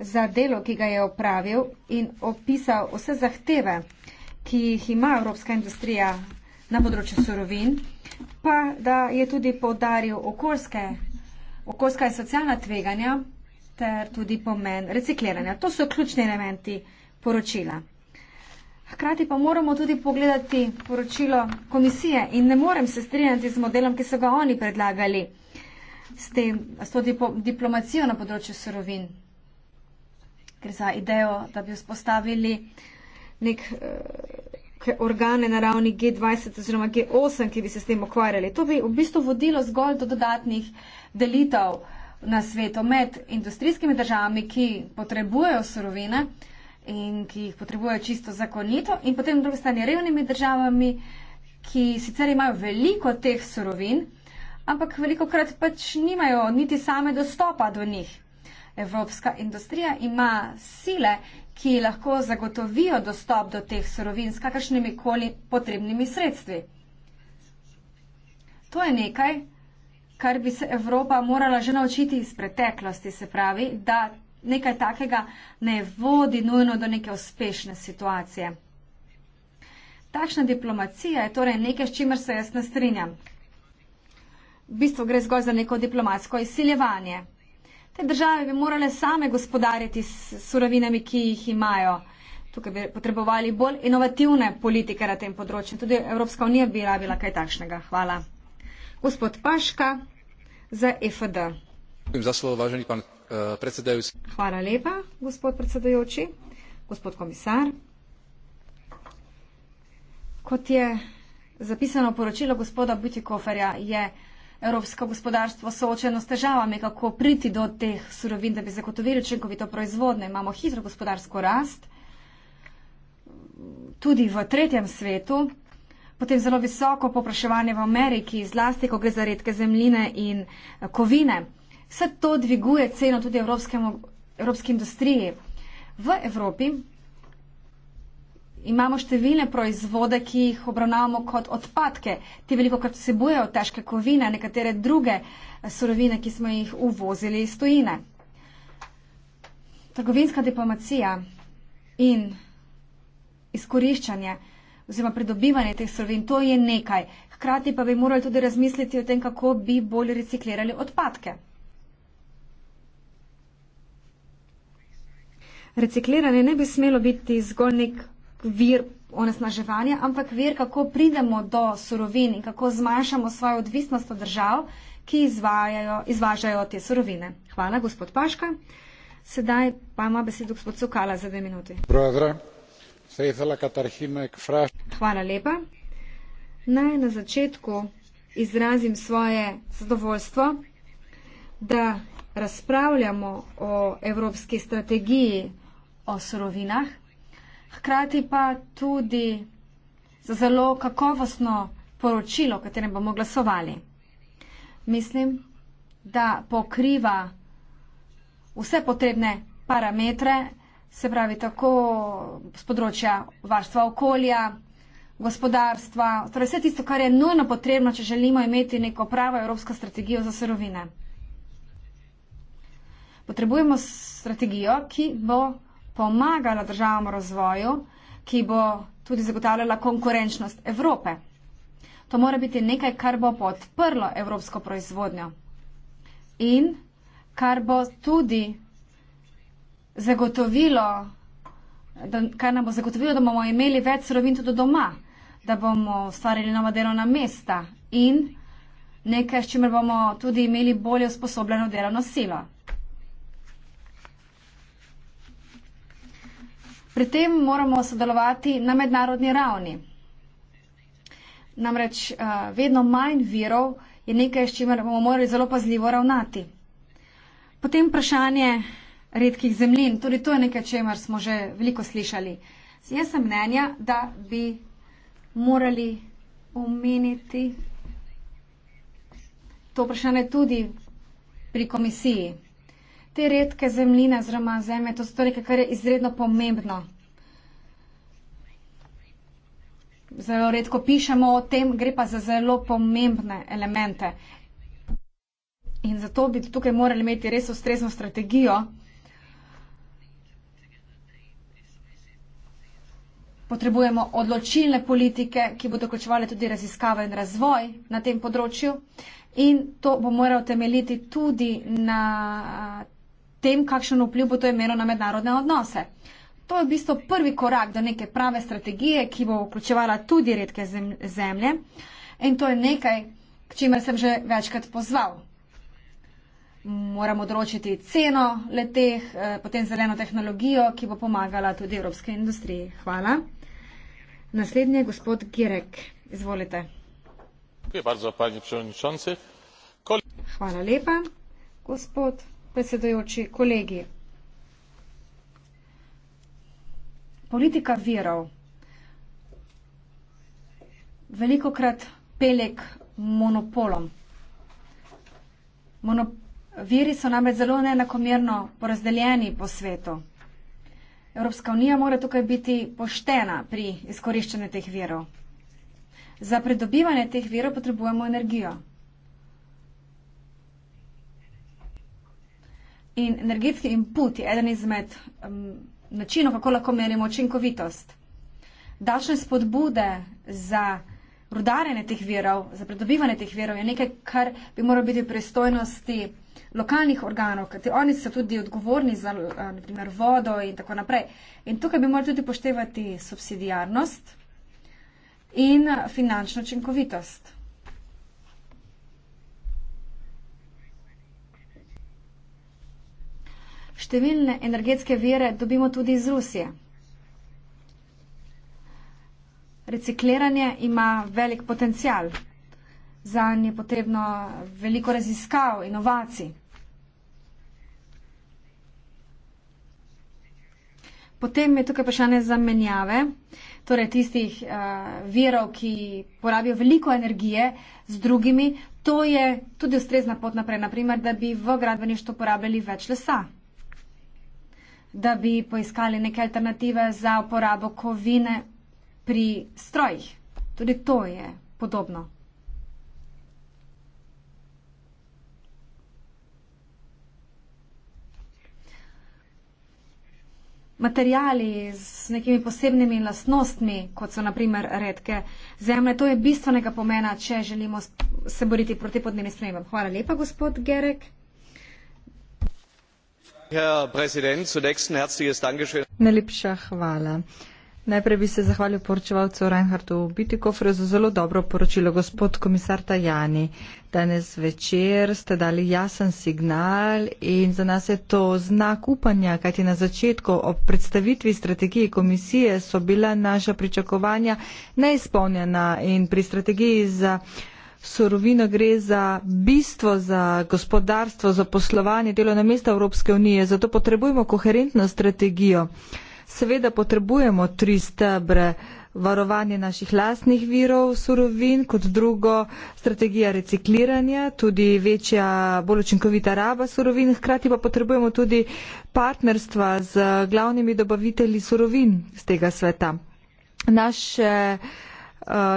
S1: za delo, ki ga je opravil in opisal vse zahteve ki jih ima evropska industrija na področju surovin, pa da je tudi povdaril okoljske, okoljska in socialna tveganja ter tudi pomen recikliranja. To so ključni elementi poročila. Hkrati pa moramo tudi pogledati poročilo komisije in ne morem se strinjati z modelom, ki so ga oni predlagali s, tem, s to dipo, diplomacijo na področju surovin. Ker za idejo, da bi vzpostavili uh, nek eh, organe na ravni G20 oziroma G8, ki bi se s tem ukvarjali. To bi v bistvu vodilo zgolj do dodatnih delitev na svetu med industrijskimi državami, ki potrebujejo surovine in ki jih potrebujejo čisto zakonito, in potem druge strani revnimi državami, ki sicer imajo veliko teh surovin, ampak veliko krat pač nimajo niti same dostopa do njih. Evropska industrija ima sile ki lahko zagotovijo dostop do teh surovin s kakršnimi koli potrebnimi sredstvi. To je nekaj, kar bi se Evropa morala že naučiti iz preteklosti, se pravi, da nekaj takega ne vodi nujno do neke uspešne situacije. Takšna diplomacija je torej nekaj, s čimer se jaz ne strinjam. V bistvu gre zgolj za neko diplomatsko izsiljevanje. Te države bi morale same gospodariti s surovinami, ki jih imajo. Tukaj bi potrebovali bolj inovativne politike na tem področju. Tudi Evropska unija bi rabila kaj takšnega. Hvala. Gospod Paška za EFD.
S3: Za slovo, važeni pan uh, eh, predsedajoč.
S1: Hvala lepa, gospod predsedajoči. Gospod komisar. Kot je zapisano poročilo gospoda Butikoferja, je evropsko gospodarstvo soočeno s težavami, kako priti do teh surovin, da bi zagotovili učinkovito proizvodnjo. Imamo hitro gospodarsko rast, tudi v tretjem svetu, potem zelo visoko popraševanje v Ameriki, zlasti, ko gre za redke zemljine in eh, kovine. Vse to dviguje ceno tudi evropske industrije. V Evropi imamo številne proizvode, ki jih obravnavamo kot odpadke. Ti veliko krat vsebujejo težke kovine, nekatere druge eh, surovine, ki smo jih uvozili iz tujine. Trgovinska diplomacija in izkoriščanje oziroma pridobivanje teh surovin, to je nekaj. Hkrati pa bi morali tudi razmisliti o tem, kako bi bolj reciklirali odpadke. Recikliranje ne bi smelo biti zgolj nek vir onesnaževanja, ampak vir, kako pridemo do surovin in kako zmanjšamo svojo odvisnost od držav, ki izvažajo te surovine. Hvala, gospod Paška. Sedaj pa ima besedo gospod Sokala za dve minuti. Hvala lepa. Naj na začetku izrazim svoje zadovoljstvo, da razpravljamo o evropski strategiji o surovinah hkrati pa tudi zelo kakovostno poročilo, o katerem bomo glasovali. Mislim, da pokriva vse potrebne parametre, se pravi tako z področja varstva okolja, gospodarstva, torej vse tisto, kar je nujno potrebno, če želimo imeti neko pravo evropsko strategijo za sorovine. Potrebujemo strategijo, ki bo pomagala državam v razvoju, ki bo tudi zagotavljala konkurenčnost Evrope. To mora biti nekaj, kar bo podprlo evropsko proizvodnjo in kar bo tudi zagotovilo, da, kar nam bo zagotovilo, da bomo imeli več surovin tudi doma, da bomo ustvarili nova delovna mesta in nekaj, s čimer bomo tudi imeli bolje usposobljeno delovno silo. Pri tem moramo sodelovati na mednarodni ravni. Namreč eh, vedno manj virov je nekaj, s čimer bomo morali zelo pazljivo ravnati. Potem vprašanje redkih zemljin. Tudi to je nekaj, čemer smo že veliko slišali. Jaz sem mnenja, da bi morali omeniti to vprašanje tudi pri komisiji te redke zemljine oziroma zemlje, to so to nekaj, kar je izredno pomembno. Zelo redko pišemo o tem, gre pa za zelo pomembne elemente. In zato bi tukaj morali imeti res ustrezno strategijo. Potrebujemo odločilne politike, ki bodo vključevale tudi raziskave in razvoj na tem področju. In to bo moral temeljiti tudi na tem, kakšen vpliv bo to imelo na mednarodne odnose. To je v bistvu prvi korak do neke prave strategije, ki bo vključevala tudi redke zemlje in to je nekaj, k čimer sem že večkrat pozval. Moramo odročiti ceno leteh, eh, potem zeleno tehnologijo, ki bo pomagala tudi evropske industriji. Hvala. Naslednji je gospod Girek. Izvolite. Hvala lepa, gospod predsedujoči kolegi. Politika virov. Veliko krat pele k monopolom. Monop viri so namreč zelo neenakomerno porazdeljeni po svetu. Evropska unija mora tukaj biti poštena pri izkoriščanju teh virov. Za pridobivanje teh virov potrebujemo energijo. In energetski input je eden izmed um, načinov, kako lahko merimo učinkovitost. Dalšne spodbude za rudarjenje teh virov, za predobivanje teh virov je nekaj, kar bi moralo biti v pristojnosti lokalnih organov, kajti oni so tudi odgovorni za eh, naprimer, vodo in tako naprej. In tukaj bi morali tudi poštevati subsidijarnost in eh, finančno učinkovitost. številne energetske vire dobimo tudi iz Rusije. Recikliranje ima velik potencial. Za nje je potrebno veliko raziskav, inovacij. Potem je tukaj vprašanje zamenjave, torej tistih uh, virov, ki porabijo veliko energije z drugimi. To je tudi ustrezna pot naprej, naprimer, da bi v gradbeništvu porabljali več lesa da bi poiskali neke alternative za uporabo kovine pri strojih. Tudi to je podobno. Materijali z nekimi posebnimi lastnostmi, kot so naprimer redke zemlje, to je bistvenega pomena, če želimo se boriti proti podnebnim spremembam. Hvala lepa, gospod
S4: Gerek. Najlepša hvala. Najprej bi se zahvalil poročevalcu Reinhardu Bitikofru za zelo dobro poročilo. Gospod komisar Tajani, danes večer ste dali jasen signal in za nas je to znak upanja, kajti na začetku ob predstavitvi strategiji komisije so bila naša pričakovanja neizpolnjena in pri strategiji za surovino, gre za bistvo, za gospodarstvo, za poslovanje delovne mesta Evropske unije. Zato potrebujemo koherentno strategijo. Seveda potrebujemo tri stebre. Varovanje naših lastnih virov surovin, kot drugo strategija recikliranja, tudi večja, bolj učinkovita raba surovin. Hkrati pa potrebujemo tudi partnerstva z glavnimi dobavitelji surovin z tega sveta. Naše eh,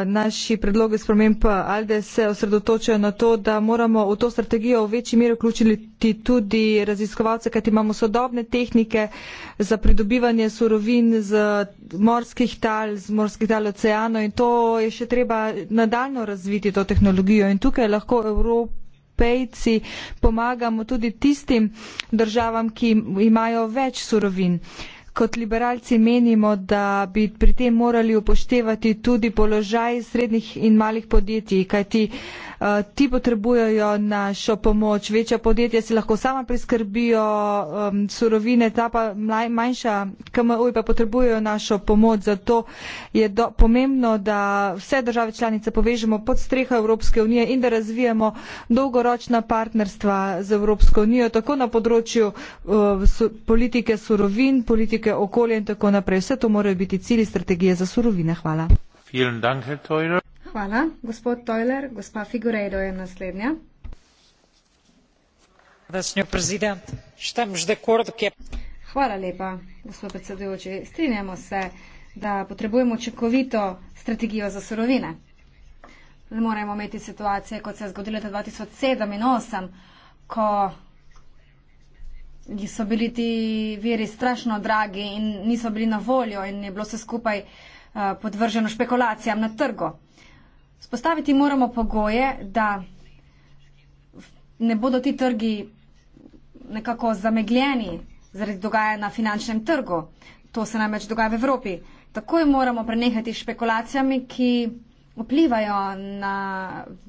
S4: naši predlogi spremem pa Alde se osredotočajo na to, da moramo v to strategijo v večji meri vključiti tudi raziskovalce, kajti imamo sodobne tehnike za pridobivanje surovin z morskih tal, z morskih tal oceano in to je še treba nadaljno razviti to tehnologijo in tukaj lahko Evropa Pejci, pomagamo tudi tistim državam, ki imajo več surovin. Uh, Kot liberalci menimo, da bi pri tem morali upoštevati tudi položaj srednjih in malih podjetij, kajti uh, Eh, ti potrebujejo našo pomoč. Večja podjetja si lahko sama priskrbijo um, surovine, ta pa mlaj, manjša KMU pa potrebujejo našo pomoč. Zato je do, pomembno, da vse države članice povežemo pod streho Evropske unije in da razvijemo dolgoročna partnerstva z Evropsko unijo, tako na področju uh, su, politike surovin, politike okolja in tako naprej. Vse to morajo biti cilji strategije za surovine. Hvala.
S3: Vielen Dank, Herr
S2: Theurer.
S1: Hvala. Gospod Toiler, gospa Figurejdo je naslednja. Hvala lepa, gospod predsedujoči. Strinjamo se, da potrebujemo očekovito strategijo za sorovine. Ne moremo imeti situacije, kot se je zgodilo leta 2007 in 2008, ko so bili ti viri strašno dragi in niso bili na voljo in je bilo vse skupaj eh, podvrženo špekulacijam na trgu. Spostaviti moramo pogoje, da ne bodo ti trgi nekako zamegljeni zaradi dogajanja na finančnem trgu. To se namreč dogaja v Evropi. Takoj moramo prenehati špekulacijami, ki vplivajo na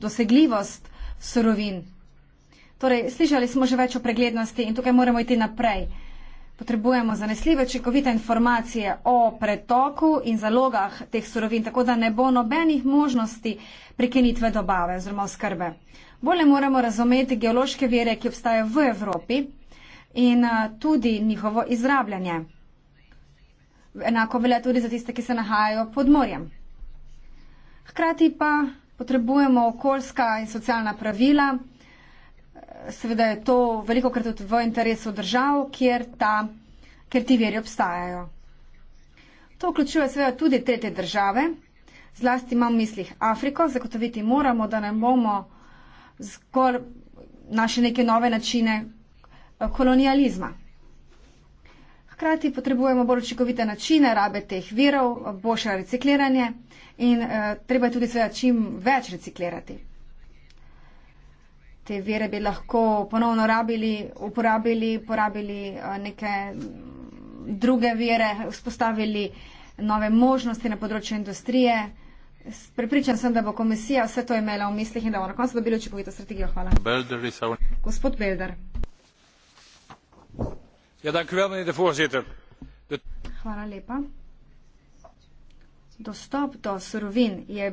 S1: dosegljivost surovin. Torej, slišali smo že več o preglednosti in tukaj moramo iti naprej. Potrebujemo zanesljive, čekovite informacije o pretoku in zalogah teh surovin, tako da ne bo nobenih možnosti prekinitve dobave oziroma oskrbe. Bolje moramo razumeti geološke vere, ki obstajajo v Evropi in tudi njihovo izrabljanje. Enako velja tudi za tiste, ki se nahajajo pod morjem. Hkrati pa potrebujemo okoljska in socialna pravila seveda je to veliko krat tudi v interesu držav, kjer, ta, kjer ti veri obstajajo. To vključuje seveda tudi tretje države, zlasti imam v mislih Afriko, zagotoviti moramo, da ne bomo zgolj naše neke nove načine eh, kolonializma. Hkrati potrebujemo bolj učinkovite načine rabe teh virov, boljše recikliranje in eh, treba je tudi seveda čim več reciklirati te vire bi lahko ponovno rabili, uporabili, porabili eh, neke druge vire, vzpostavili nove možnosti na področju industrije. Prepričan sem, da bo komisija vse to imela v mislih in da bo na koncu dobila učinkovito strategijo. Hvala. Gospod Belder.
S4: Ja, vel, de de...
S1: Hvala lepa. Dostop do surovin je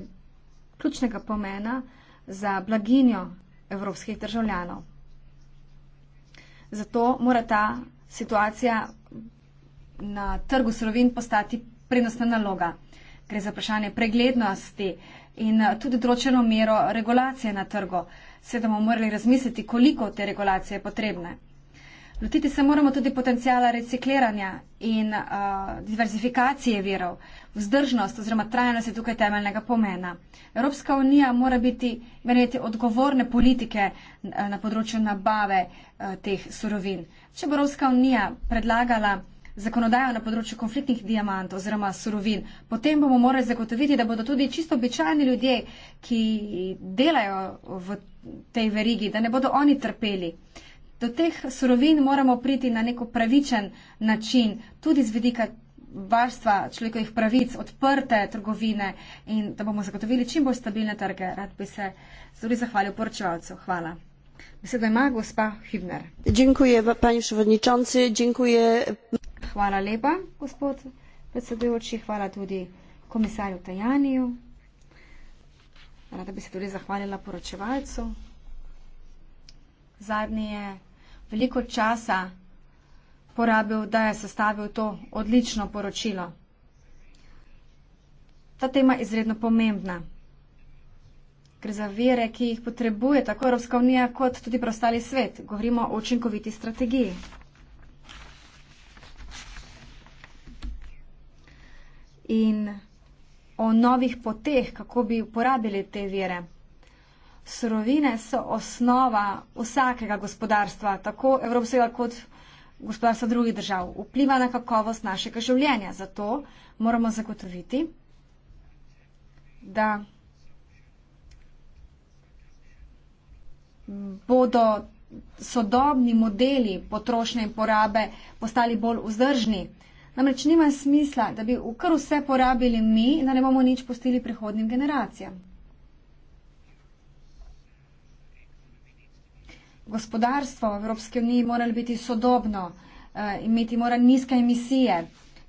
S1: ključnega pomena za blaginjo evropskih državljanov. Zato mora ta situacija na trgu surovin postati prednostna naloga. Gre za vprašanje preglednosti in tudi določeno mero regulacije na trgu. Sedaj bomo morali razmisliti, koliko te regulacije je potrebne. Lotiti se moramo tudi potencijala recikliranja in uh, diverzifikacije virov. Vzdržnost oziroma trajnost je tukaj temeljnega pomena. Evropska unija mora biti verjeti odgovorne politike eh, na področju nabave eh, teh surovin. Če bo Evropska unija predlagala zakonodajo na področju konfliktnih diamantov oziroma surovin, potem bomo morali zagotoviti, da bodo tudi čisto običajni ljudje, ki delajo v tej verigi, da ne bodo oni trpeli. Do teh surovin moramo priti na neko pravičen način, tudi z vidika varstva človekovih pravic, odprte trgovine in da bomo zagotovili čim bolj stabilne trge. Rad bi se tudi zahvalil poročevalcu. Hvala. Beseda ima gospa Hübner. Dziękuję, panie przewodniczący, dziękuję. Hvala lepa, gospod predsedujoči, hvala tudi komisarju Tajaniju. Rada bi se tudi zahvalila poročevalcu. Zadnje je veliko časa porabil, da je sestavil to odlično poročilo. Ta tema je izredno pomembna. Gre za vere, ki jih potrebuje tako Evropska unija, kot tudi preostali svet. Govorimo o učinkoviti strategiji. In o novih poteh, kako bi uporabili te vere. Surovine so osnova vsakega gospodarstva, tako evropskega kot evropskega gospodarstva drugih držav vpliva na kakovost našega življenja. Zato moramo zagotoviti, da bodo sodobni modeli potrošnje in porabe postali bolj vzdržni. Namreč nima smisla, da bi kar vse porabili mi in da ne bomo nič postili prihodnim generacijam. gospodarstvo v Evropski uniji moralo biti sodobno, eh, imeti mora nizke emisije,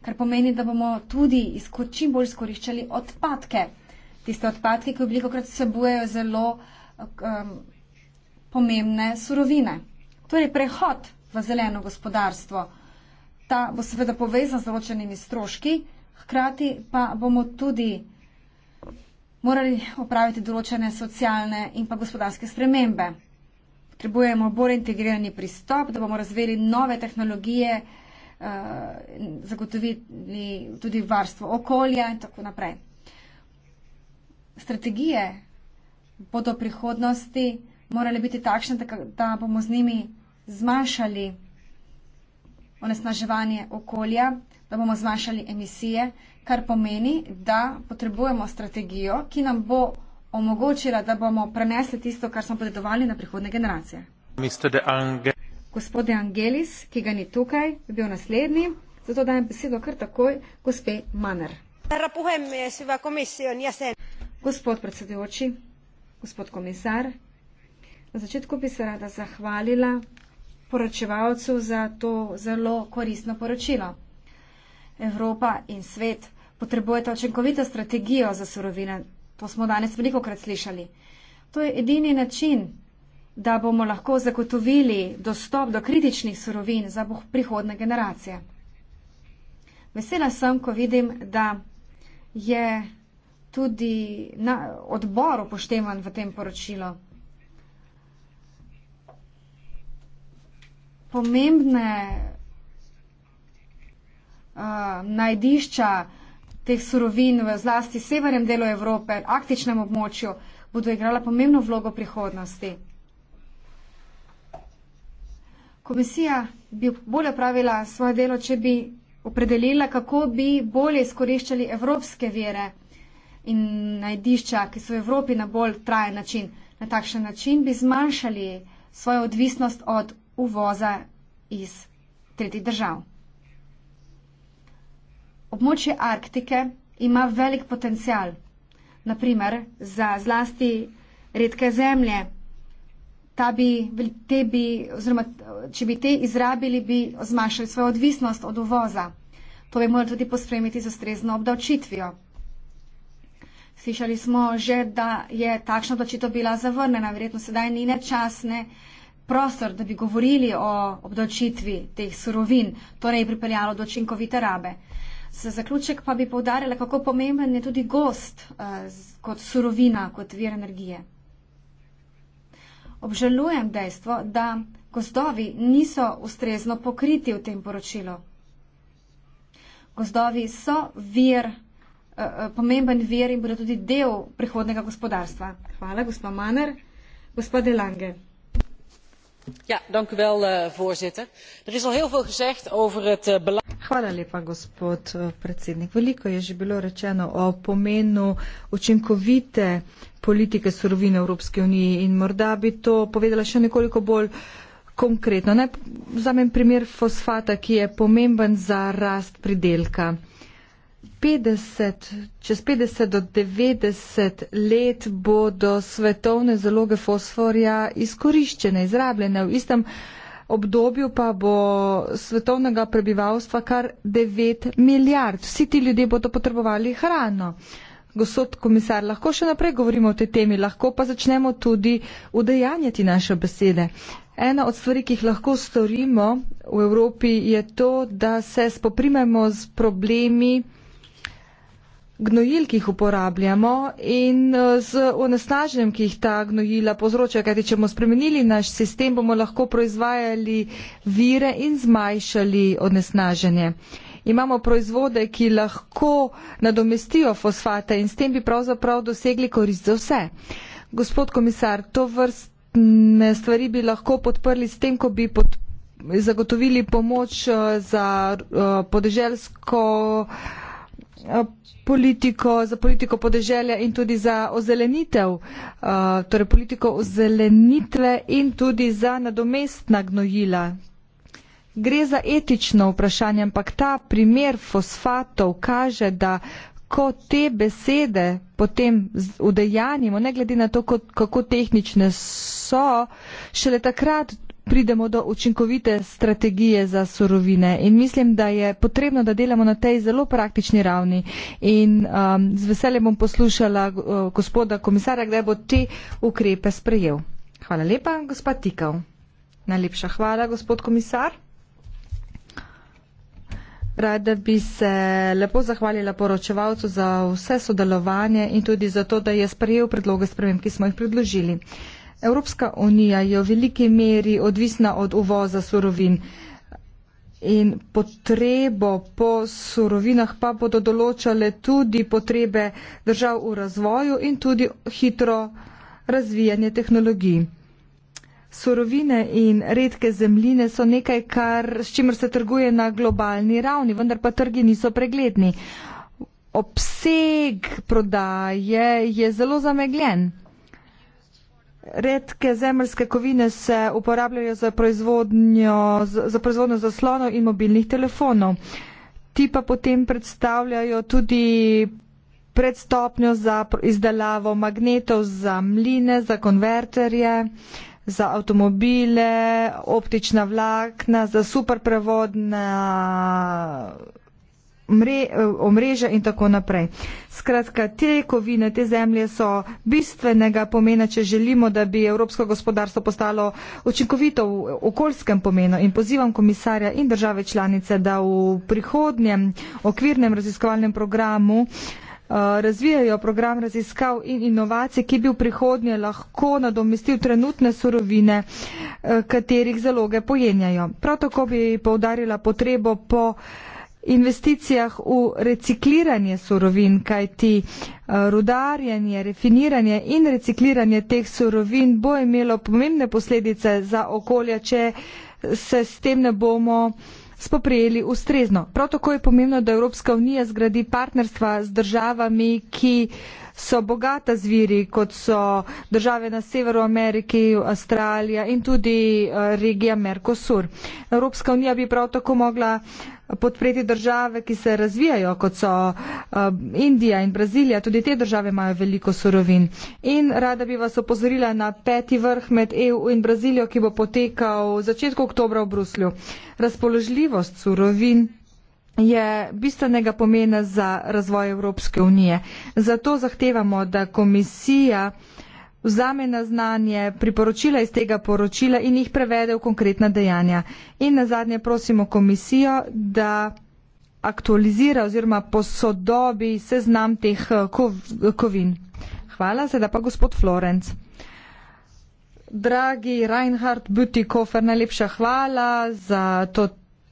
S1: kar pomeni, da bomo tudi izko, čim bolj skoriščali odpadke. Tiste odpadke, ki veliko krat sebujejo zelo um, pomembne surovine. Torej prehod v zeleno gospodarstvo. Ta bo seveda povezan z določenimi stroški, hkrati pa bomo tudi morali opraviti določene socialne in pa gospodarske spremembe. Trebujemo bolj integrirani pristop, da bomo razvili nove tehnologije, eh, zagotovili tudi varstvo okolja in tako naprej. Strategije bodo prihodnosti morale biti takšne, da bomo z njimi zmanjšali onesnaževanje okolja, da bomo zmanjšali emisije, kar pomeni, da potrebujemo strategijo, ki nam bo omogočila, da bomo prenesli tisto, kar smo podedovali na prihodne generacije.
S3: De Ange.
S1: Gospod De Angelis, ki ga ni tukaj, je bil naslednji, zato dajem besedo kar takoj gospe Manner. Gospod predsedujoči, gospod komisar, na začetku bi se rada zahvalila poročevalcu za to zelo koristno poročilo. Evropa in svet potrebujete učinkovito strategijo za surovine To smo danes veliko krat slišali. To je edini način, da bomo lahko zagotovili dostop do kritičnih surovin za prihodne generacije. Vesela sem, ko vidim, da je tudi na odboru poštevan v tem poročilu. Pomembne uh, najdišča teh surovin v zlasti severnem delu Evrope, arktičnem območju, bodo igrala pomembno vlogo prihodnosti. Komisija bi bolje pravila svoje delo, če bi opredelila, kako bi bolje izkoriščali evropske vere in najdišča, ki so v Evropi na bolj trajen način. Na takšen način bi zmanjšali svojo odvisnost od uvoza iz tretjih držav. Območje Arktike ima velik potencial, naprimer za zlasti redke zemlje. Bi, te bi, oziroma, če bi te izrabili, bi zmanjšali svojo odvisnost od uvoza. To bi morali tudi pospremiti z ustrezno obdavčitvijo. Slišali smo že, da je takšna obdavčitev bila zavrnjena. Verjetno sedaj ni nečasne prostor, da bi govorili o obdavčitvi teh surovin, torej pripeljalo do učinkovite rabe. Za zaključek pa bi povdarjala, kako pomemben je tudi gost eh, kot surovina, kot vir energije. Obžalujem dejstvo, da gozdovi niso ustrezno pokriti v tem poročilu. Gozdovi so vir, eh, eh, pomemben vir in bodo tudi del prihodnega gospodarstva. Hvala, gospod Maner. Gospod Delange.
S4: Ja, eh, voorzitter er is al heel veel gezegd over het eh, belang. Hvala lepa, gospod eh, predsednik. Veliko je že bilo rečeno o pomenu učinkovite politike surovine Evropske unije in morda bi to povedala še nekoliko bolj konkretno. Naj vzamem primer fosfata, ki je pomemben za rast pridelka. 50, čez 50 do 90 let bodo svetovne zaloge fosforja izkoriščene, izrabljene. V istem obdobju pa bo svetovnega prebivalstva kar 9 milijard. Vsi ti ljudje bodo potrebovali hrano. Gospod komisar, lahko še naprej govorimo o tej temi, lahko pa začnemo tudi udejanjati naše besede. Ena od stvari, ki jih lahko storimo v Evropi, je to, da se spoprimemo z problemi, gnojil, ki jih uporabljamo in eh, z onesnaženjem, ki jih ta gnojila povzročajo. Kajti, če bomo spremenili naš sistem, bomo lahko proizvajali vire in zmanjšali onesnaženje. Imamo proizvode, ki lahko nadomestijo fosfate in s tem bi pravzaprav dosegli korist za vse. Gospod komisar, to vrstne stvari bi lahko podprli s tem, ko bi pod, zagotovili pomoč eh, za uh, podeželsko. Uh, Eh, politiko, za politiko podeželja in tudi za ozelenitev, eh, torej politiko ozelenitve in tudi za nadomestna gnojila. Gre za etično vprašanje, ampak ta primer fosfatov kaže, da ko te besede potem udejanimo, ne glede na to, kako tehnične so, šele takrat pridemo do učinkovite strategije za sorovine. In mislim, da je potrebno, da delamo na tej zelo praktični ravni. In um, z veseljem bom poslušala uh, gospoda komisarja, kdaj bo te ukrepe sprejel. Hvala lepa, gospod Tikal. Najlepša hvala, gospod komisar. Rada bi se lepo zahvalila poročevalcu za vse sodelovanje in tudi za to, da je sprejel predloge sprememb, ki smo jih predložili. Uh, Evropska unija je v veliki meri odvisna od uvoza surovin in potrebo po surovinah pa bodo določale tudi potrebe držav v razvoju in tudi hitro razvijanje tehnologij. Surovine in redke zemljine so nekaj, kar, s čimer se trguje na globalni ravni, vendar pa trgi niso pregledni. Obseg prodaje je zelo zamegljen. Redke zemljske kovine se uporabljajo za proizvodnjo, za proizvodnjo zaslonov in mobilnih telefonov. Ti pa potem predstavljajo tudi predstopnjo za izdelavo magnetov za mline, za konverterje, za avtomobile, optična vlakna, za superprevodna mre, eh, omrežja in tako naprej. Skratka, te kovine, te zemlje so bistvenega pomena, če želimo, da bi evropsko gospodarstvo postalo učinkovito v okoljskem pomenu in pozivam komisarja in države članice, da v prihodnjem okvirnem raziskovalnem programu eh, razvijajo program raziskav in inovacij, ki bi v prihodnje lahko nadomestil trenutne surovine, eh, katerih zaloge pojenjajo. Prav tako bi poudarila potrebo po uh, investicijah v recikliranje surovin, kajti eh, rudarjenje, refiniranje in recikliranje teh surovin bo imelo pomembne posledice za okolje, če se s tem ne bomo spoprijeli ustrezno. Prav tako je pomembno, da Evropska unija zgradi partnerstva z državami, ki so bogata z viri, kot so države na severu Ameriki, Avstralija in tudi eh, regija Mercosur. Evropska unija bi prav tako mogla uh, podpreti države, ki se razvijajo, kot so um, Indija in Brazilija. Tudi te države imajo veliko surovin. In rada bi vas opozorila na peti vrh med EU in Brazilijo, ki bo potekal v začetku oktobra v Bruslju. Razpoložljivost surovin je bistvenega pomena za razvoj Evropske unije. Zato zahtevamo, da komisija vzame na znanje priporočila iz tega poročila in jih prevede v konkretna dejanja. In na zadnje prosimo komisijo, da aktualizira oziroma posodobi seznam teh eh, kovin. Hvala, sedaj pa gospod Florenc. Dragi Reinhard Butikofer, najlepša hvala za to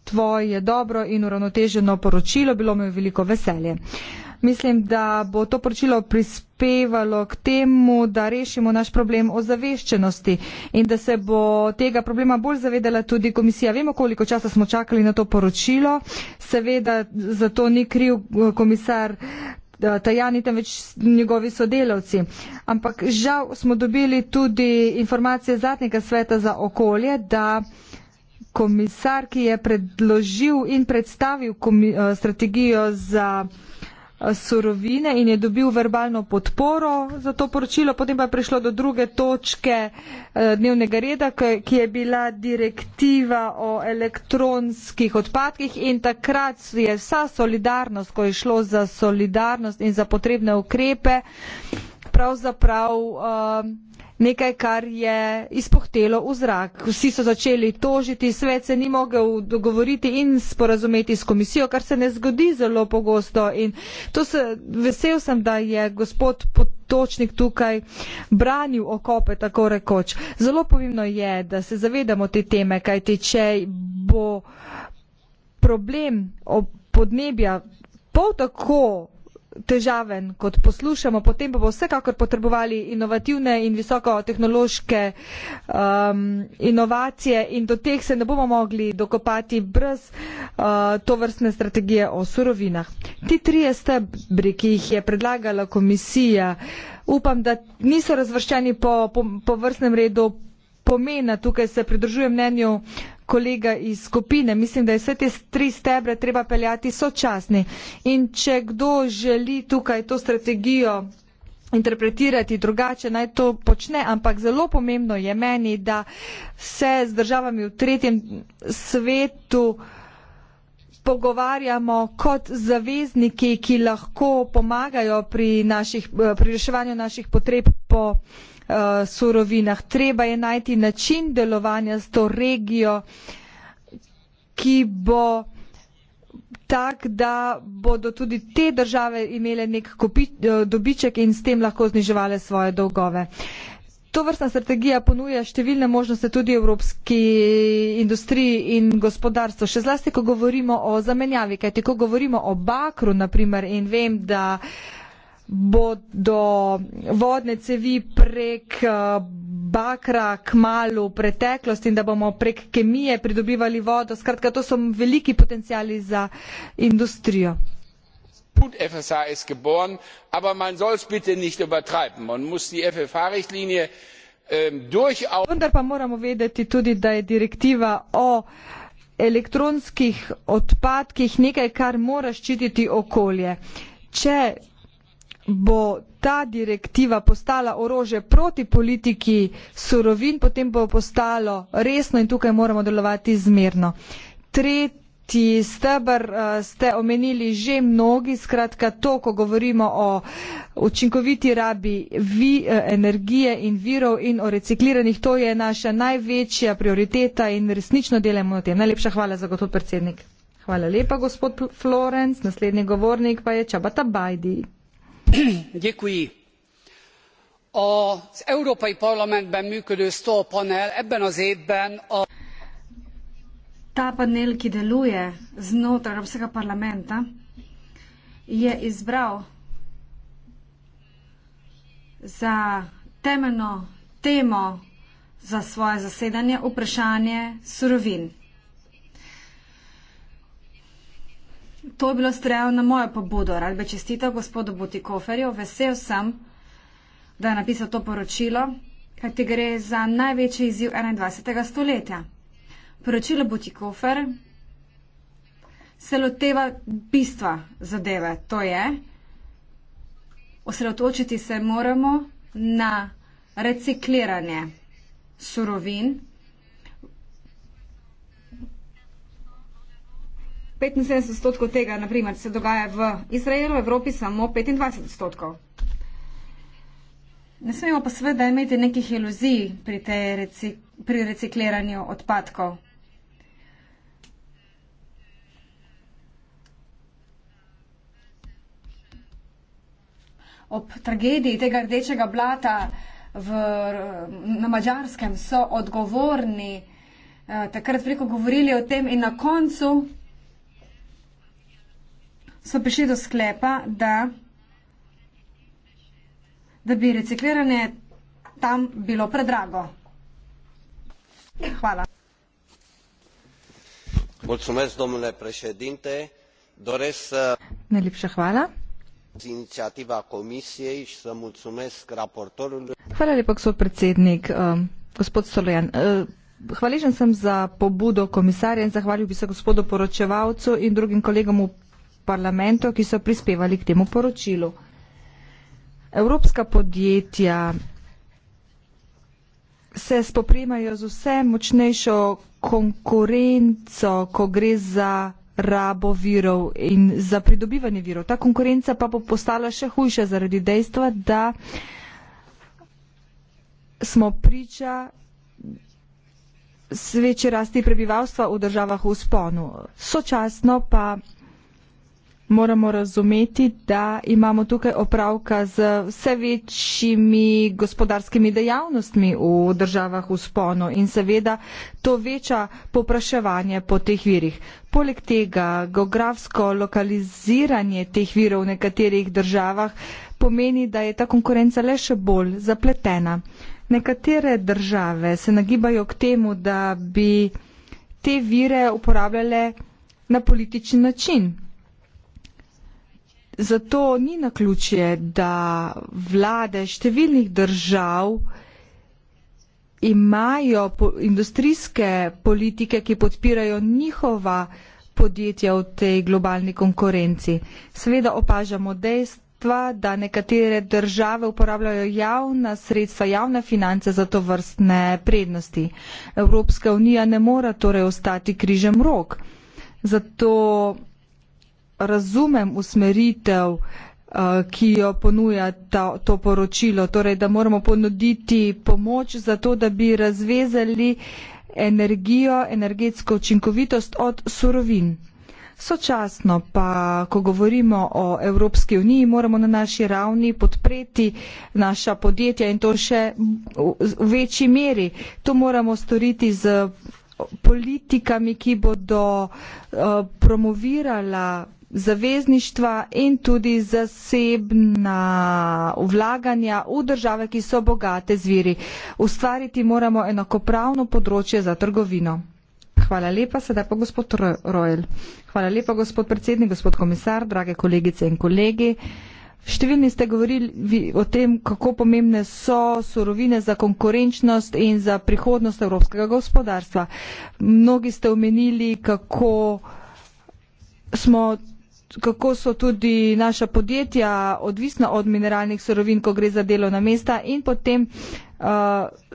S4: tvoje dobro in uravnoteženo poročilo, bilo mi je veliko veselje. Uh, Mislim, da bo to poročilo prispevalo k temu, da rešimo naš problem o zaveščenosti in da se bo tega problema bolj zavedala tudi komisija. Vemo, koliko časa smo čakali na to poročilo. Seveda, za to ni kriv eh, komisar eh, Tajani, temveč njegovi sodelavci. Ampak žal smo dobili tudi informacije zadnjega sveta za okolje, da komisar, ki je predložil in predstavil eh, strategijo za Eh, surovine in je dobil verbalno podporo za to poročilo. Potem pa je prišlo do druge točke eh, dnevnega reda, ki je bila direktiva o elektronskih odpadkih in takrat je vsa solidarnost, ko je šlo za solidarnost in za potrebne ukrepe, pravzaprav eh, nekaj, kar je izpohtelo v zrak. Vsi so začeli tožiti, svet se ni mogel dogovoriti in sporazumeti s komisijo, kar se ne zgodi zelo pogosto. Se, vesel sem, da je gospod Potočnik tukaj branil okope, tako rekoč. Zelo pomembno je, da se zavedamo te teme, kajti če bo problem podnebja pol tako težaven kot poslušamo potem bomo vsekakor potrebovali inovativne in visokotehnološke um, inovacije in do teh se ne bomo mogli dokopati brez uh, tovrstne strategije o surovinah. Ti trije stebri, ki jih je predlagala komisija, upam, da niso razvrščeni po, po, po vrstnem redu pomena. Tukaj se pridružujem mnenju uh, kolega iz skupine. Mislim, da je vse te tri stebre treba peljati sočasni. In če kdo želi tukaj to strategijo interpretirati drugače, naj to počne, ampak zelo pomembno je meni, da se z državami v tretjem svetu pogovarjamo kot zavezniki, ki lahko pomagajo pri, naših, pri reševanju naših potreb po Eh, surovinah. Treba je najti način delovanja z to regijo, ki bo tak, da bodo tudi te države imele nek eh, dobiček in s tem lahko zniževale svoje dolgove. To vrstna strategija ponuja številne možnosti tudi evropski industriji in gospodarstvu. Še zlasti, ko govorimo o zamenjavi, kajti ko govorimo o bakru, naprimer, in vem, da uh, bodo vodne cevi prek eh, bakra k malu preteklost in da bomo prek kemije pridobivali vodo. Skratka, to so veliki potencijali za industrijo.
S1: Gut, FSH ist geboren, aber man soll es bitte nicht übertreiben. Man
S4: muss die FFH-Richtlinie ähm, durchaus. Wunder, pa moramo vedeti tudi, da je direktiva o elektronskih odpadkih nekaj, kar mora ščititi okolje. Če bo ta direktiva postala orože proti politiki surovin, potem bo postalo resno in tukaj moramo delovati zmerno. Tretji stebr eh, ste omenili že mnogi, skratka to, ko govorimo o učinkoviti rabi vi, eh, energije in virov in o recikliranih, to je naša največja prioriteta in resnično delamo na tem. Najlepša hvala za gotov predsednik. Hvala lepa, gospod Florenc. Naslednji govornik pa je Čabata Bajdi.
S1: (clears throat)
S3: az európai parlamentben működő stoa panel ebben az évben a.
S1: ta panel ki deluje znotraj evropskega parlamenta je izbral za temeljno temo za svoje zasedanje vprašanje surovin. to je bilo strejo na mojo pobudo. Rad bi čestital gospodu Butikoferju. Vesel sem, da je napisal to poročilo, kaj ti gre za največji izziv 21. stoletja. Poročilo Butikofer se loteva bistva zadeve. To je, osredotočiti se moramo na recikliranje surovin, 75 odstotkov tega, naprimer, se dogaja v Izraelu, v Evropi samo 25 odstotkov. Ne smemo pa seveda imeti nekih iluzij pri, te reci, pri recikliranju odpadkov. Ob tragediji tega rdečega blata v, na mačarskem so odgovorni eh, takrat veliko govorili o tem in na koncu so prišli do sklepa, da, da bi recikliranje tam bilo predrago. Hvala.
S5: Mulțumesc, domnule președinte. Doresc să...
S4: Nelipșă hvala.
S1: ...inițiativa comisiei și să mulțumesc
S4: raportorului... Hvala lepo, gospod predsednik. Eh, gospod Solojan, eh, hvaležen sem za pobudo komisarja in zahvalil bi se gospodu poročevalcu in drugim kolegom v parlamentov, ki so prispevali k temu poročilu. Evropska podjetja se spopremajo z vse močnejšo konkurenco, ko gre za rabo virov in za pridobivanje virov. Ta konkurenca pa bo postala še hujša zaradi dejstva, da smo priča sveče rasti prebivalstva v državah v sponu. Sočasno pa moramo razumeti, da imamo tukaj opravka z vse večjimi gospodarskimi dejavnostmi v državah v sponu in seveda to veča popraševanje po teh virih. Poleg tega geografsko lokaliziranje teh virov v nekaterih državah pomeni, da je ta konkurenca le še bolj zapletena. Nekatere države se nagibajo k temu, da bi te vire uporabljale na politični način. Zato ni na ključje, da vlade številnih držav imajo industrijske politike, ki podpirajo njihova podjetja v tej globalni konkurenci. Seveda opažamo dejstva, da nekatere države uporabljajo javna sredstva, javne finance za to vrstne prednosti. Evropska unija ne mora torej ostati križem rok. Zato razumem usmeritev, eh, ki jo ponuja ta, to poročilo, torej da moramo ponuditi pomoč za to, da bi razvezali energijo, energetsko učinkovitost od surovin. Sočasno pa, ko govorimo o Evropski uniji, moramo na naši ravni podpreti naša podjetja in to še v večji meri. To moramo storiti z politikami, ki bodo uh, promovirala zavezništva in tudi zasebna vlaganja v države, ki so bogate zviri. Ustvariti moramo enakopravno področje za trgovino. Hvala lepa, sedaj pa gospod Rojl. Hvala lepa, gospod predsednik, gospod komisar, drage kolegice in kolegi. Številni ste govorili o tem, kako pomembne so surovine za konkurenčnost in za prihodnost evropskega gospodarstva. Mnogi ste omenili, kako smo kako so tudi naša podjetja odvisna od mineralnih sorovin, ko gre za delovna mesta in potem uh,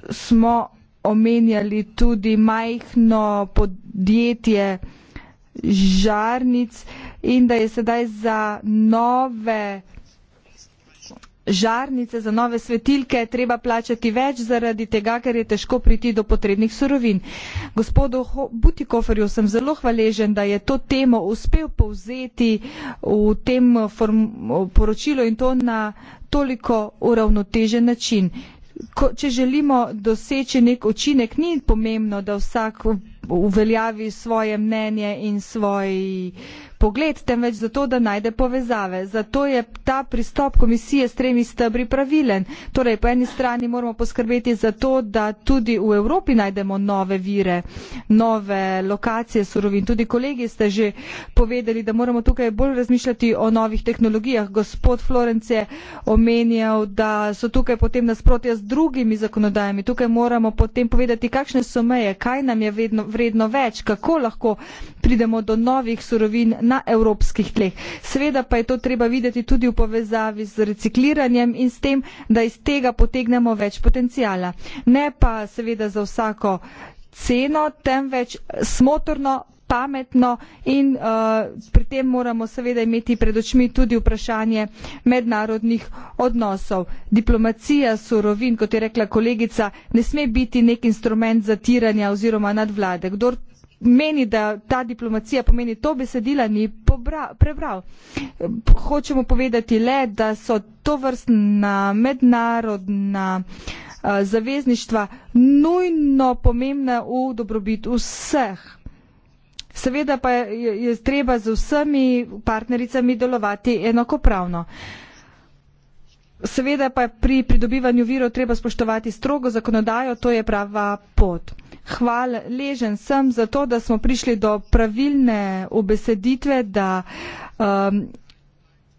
S4: smo omenjali tudi majhno podjetje žarnic in da je sedaj za nove žarnice, za nove svetilke treba plačati več zaradi tega, ker je težko priti do potrebnih surovin. Gospodu Butikoferju sem zelo hvaležen, da je to temo uspel povzeti v tem poročilu in to na toliko uravnotežen način. Ko, če želimo doseči nek učinek, ni pomembno, da vsak uveljavi svoje mnenje in svoj pogled, temveč zato, da najde povezave. Zato je ta pristop komisije s tremi stebri pravilen. Torej, po eni strani moramo poskrbeti za to, da tudi v Evropi najdemo nove vire, nove lokacije surovin. Tudi kolegi ste že povedali, da moramo tukaj bolj razmišljati o novih tehnologijah. Gospod Florenc je omenjal, da so tukaj potem nasprotja z drugimi zakonodajami. Tukaj moramo potem povedati, kakšne so meje, kaj nam je vredno, vredno več, kako lahko pridemo do novih surovin na evropskih tleh. Seveda pa je to treba videti tudi v povezavi z recikliranjem in s tem, da iz tega potegnemo več potencijala. Ne pa seveda za vsako ceno, temveč smotorno pametno in uh, pri tem moramo seveda imeti pred očmi tudi vprašanje mednarodnih odnosov. Diplomacija surovin, kot je rekla kolegica, ne sme biti nek instrument zatiranja oziroma nadvlade. Kdor meni, da ta diplomacija pomeni to besedila, ni pobra, prebral. Hočemo povedati le, da so to vrstna mednarodna eh, zavezništva nujno pomembna v dobrobit vseh. Seveda pa je, je treba z vsemi partnericami delovati enakopravno. Uh, Seveda pa je pri pridobivanju virov treba spoštovati strogo zakonodajo, to je prava pot. Hvala ležen sem za to, da smo prišli do pravilne obeseditve da, um,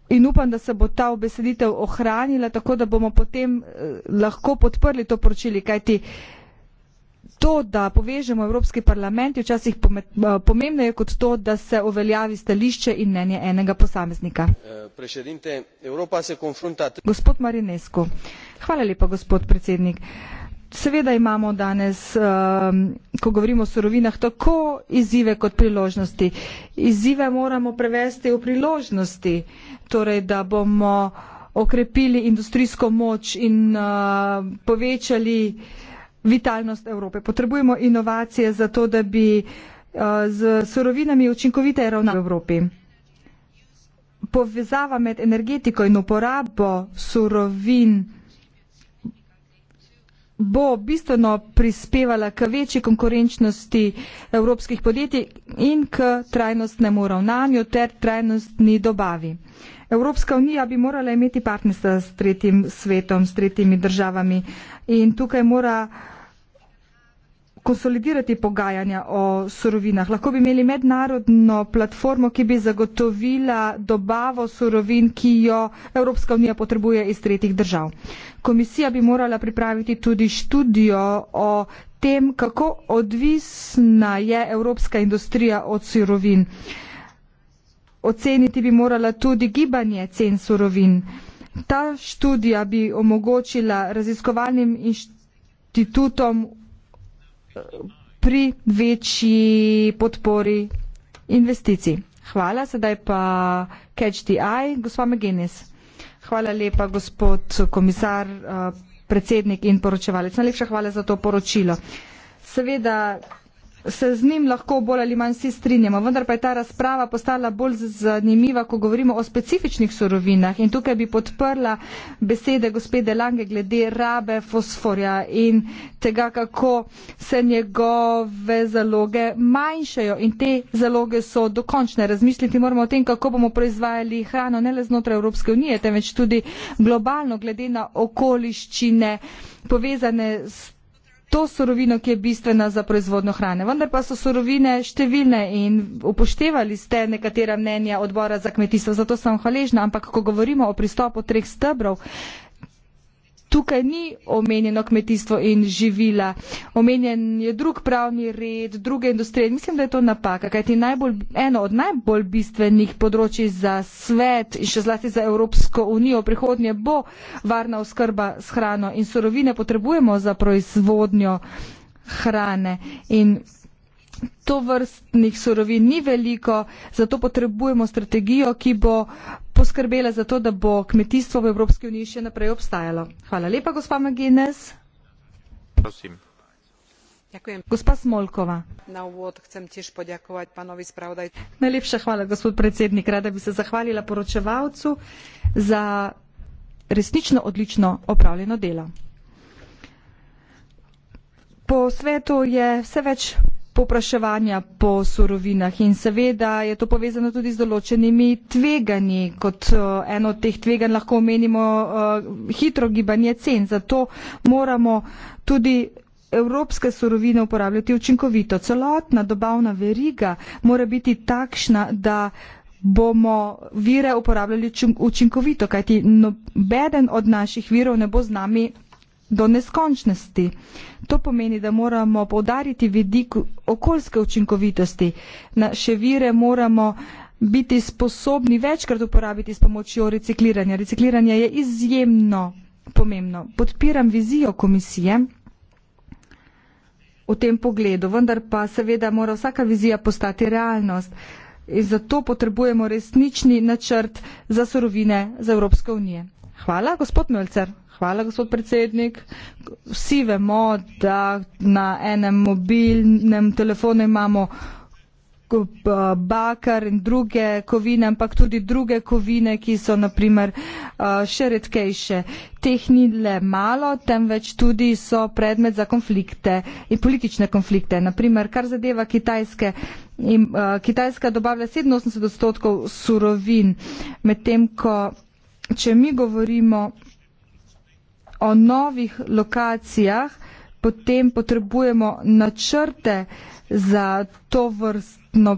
S4: in upam, da se bo ta obeseditev ohranila, tako da bomo potem eh, lahko podprli to poročili, kajti to, da povežemo Evropski parlament, je včasih eh, pomembneje kot to, da se uveljavi stališče in mnenje enega posameznika.
S5: Eh,
S4: gospod Marinesko, hvala lepa, gospod predsednik. Seveda imamo danes, ehm, ko govorimo o sorovinah, tako izzive kot priložnosti. Izzive moramo prevesti v priložnosti, torej da bomo okrepili industrijsko moč in eh, povečali uh, vitalnost Evrope. Potrebujemo inovacije za to, da bi eh, z surovinami učinkovite ravnali v Evropi. Povezava med energetiko in uporabo surovin bo bistveno prispevala k večji konkurenčnosti evropskih podjetij in k trajnostnemu ravnanju ter trajnostni dobavi. Evropska unija bi morala imeti partnerstva s tretjim svetom, s tretjimi državami in tukaj mora konsolidirati pogajanja o surovinah? Lahko bi imeli mednarodno platformo, ki bi zagotovila dobavo surovin, ki jo Evropska unija potrebuje iz tretjih držav. Komisija bi morala pripraviti tudi študijo o tem, kako odvisna je evropska industrija od surovin. Oceniti bi morala tudi gibanje cen surovin. Ta študija bi omogočila raziskovalnim inštitutom pri večji podpori investicij. Hvala, sedaj pa catch the eye, gospod McGinnis. Hvala lepa, gospod komisar, eh, predsednik in poročevalec. Najlepša hvala za to poročilo. Seveda, se z njim lahko bolj ali manj vsi strinjamo, vendar pa je ta razprava postala bolj zanimiva, ko govorimo o specifičnih surovinah in tukaj bi podprla besede gospede Lange glede rabe fosforja in tega, kako se njegove zaloge manjšajo in te zaloge so dokončne. Razmisliti moramo o tem, kako bomo proizvajali hrano ne le znotraj Evropske unije, temveč tudi globalno glede na okoliščine povezane s to sorovino, ki je bistvena za proizvodno hrane. Vendar pa so sorovine številne in upoštevali ste nekatera mnenja odbora za kmetijstvo, zato sem hvaležna. Ampak, ko govorimo o pristopu treh stebrov, tukaj ni omenjeno kmetijstvo in živila. Omenjen je drug pravni red, druge industrije. Mislim, da je to napaka, kajti najbolj, eno od najbolj bistvenih področji za svet in še zlasti za Evropsko unijo v prihodnje bo varna oskrba s hrano in sorovine potrebujemo za proizvodnjo hrane. In To vrstnih surovin ni veliko, zato potrebujemo strategijo, ki bo poskrbela za to, da bo kmetijstvo v Evropski uniji še naprej obstajalo. Hvala lepa, gospa Magines. Prosim. Ďakujem. Gospa Smolkova. Na úvod chcem tiež poďakovať pánovi spravodaj. Najlepšia chvála, gospod predsednik. Rada by sa zachválila poročevalcu za resnično odlično opravljeno delo. Po svetu je vse več povpraševanja po surovinah in seveda je to povezano tudi z določenimi tveganji. Kot eh, eno od teh tveganj lahko omenimo eh, hitro gibanje cen, zato moramo tudi evropske surovine uporabljati učinkovito. Celotna dobavna veriga mora biti takšna, da bomo vire uporabljali učinkovito, kajti nobeden od naših virov ne bo z nami do neskončnosti. To pomeni, da moramo povdariti vidik okoljske učinkovitosti. Na še vire moramo biti sposobni večkrat uporabiti s pomočjo recikliranja. Recikliranje je izjemno pomembno. Podpiram vizijo komisije v tem pogledu, vendar pa seveda mora vsaka vizija postati realnost. In zato potrebujemo resnični načrt za sorovine za Evropske unije. Hvala, gospod Mölcer. Hvala, gospod predsednik. Vsi vemo, da na enem mobilnem telefonu imamo bakar in druge kovine, ampak tudi druge kovine, ki so naprimer še redkejše. Teh ni le malo, temveč tudi so predmet za konflikte in politične konflikte. Naprimer, kar zadeva kitajske. In, uh, Kitajska dobavlja 87 odstotkov surovin, medtem ko če mi govorimo o novih lokacijah, potem potrebujemo načrte za to vrstno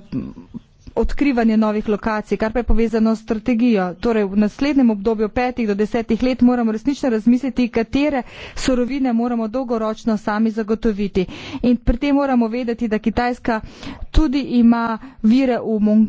S4: odkrivanje novih lokacij, kar pa je povezano s strategijo. Torej v naslednjem obdobju petih do desetih let moramo resnično razmisliti, katere sorovine moramo dolgoročno sami zagotoviti. In pri tem moramo vedeti, da Kitajska tudi ima vire v Mon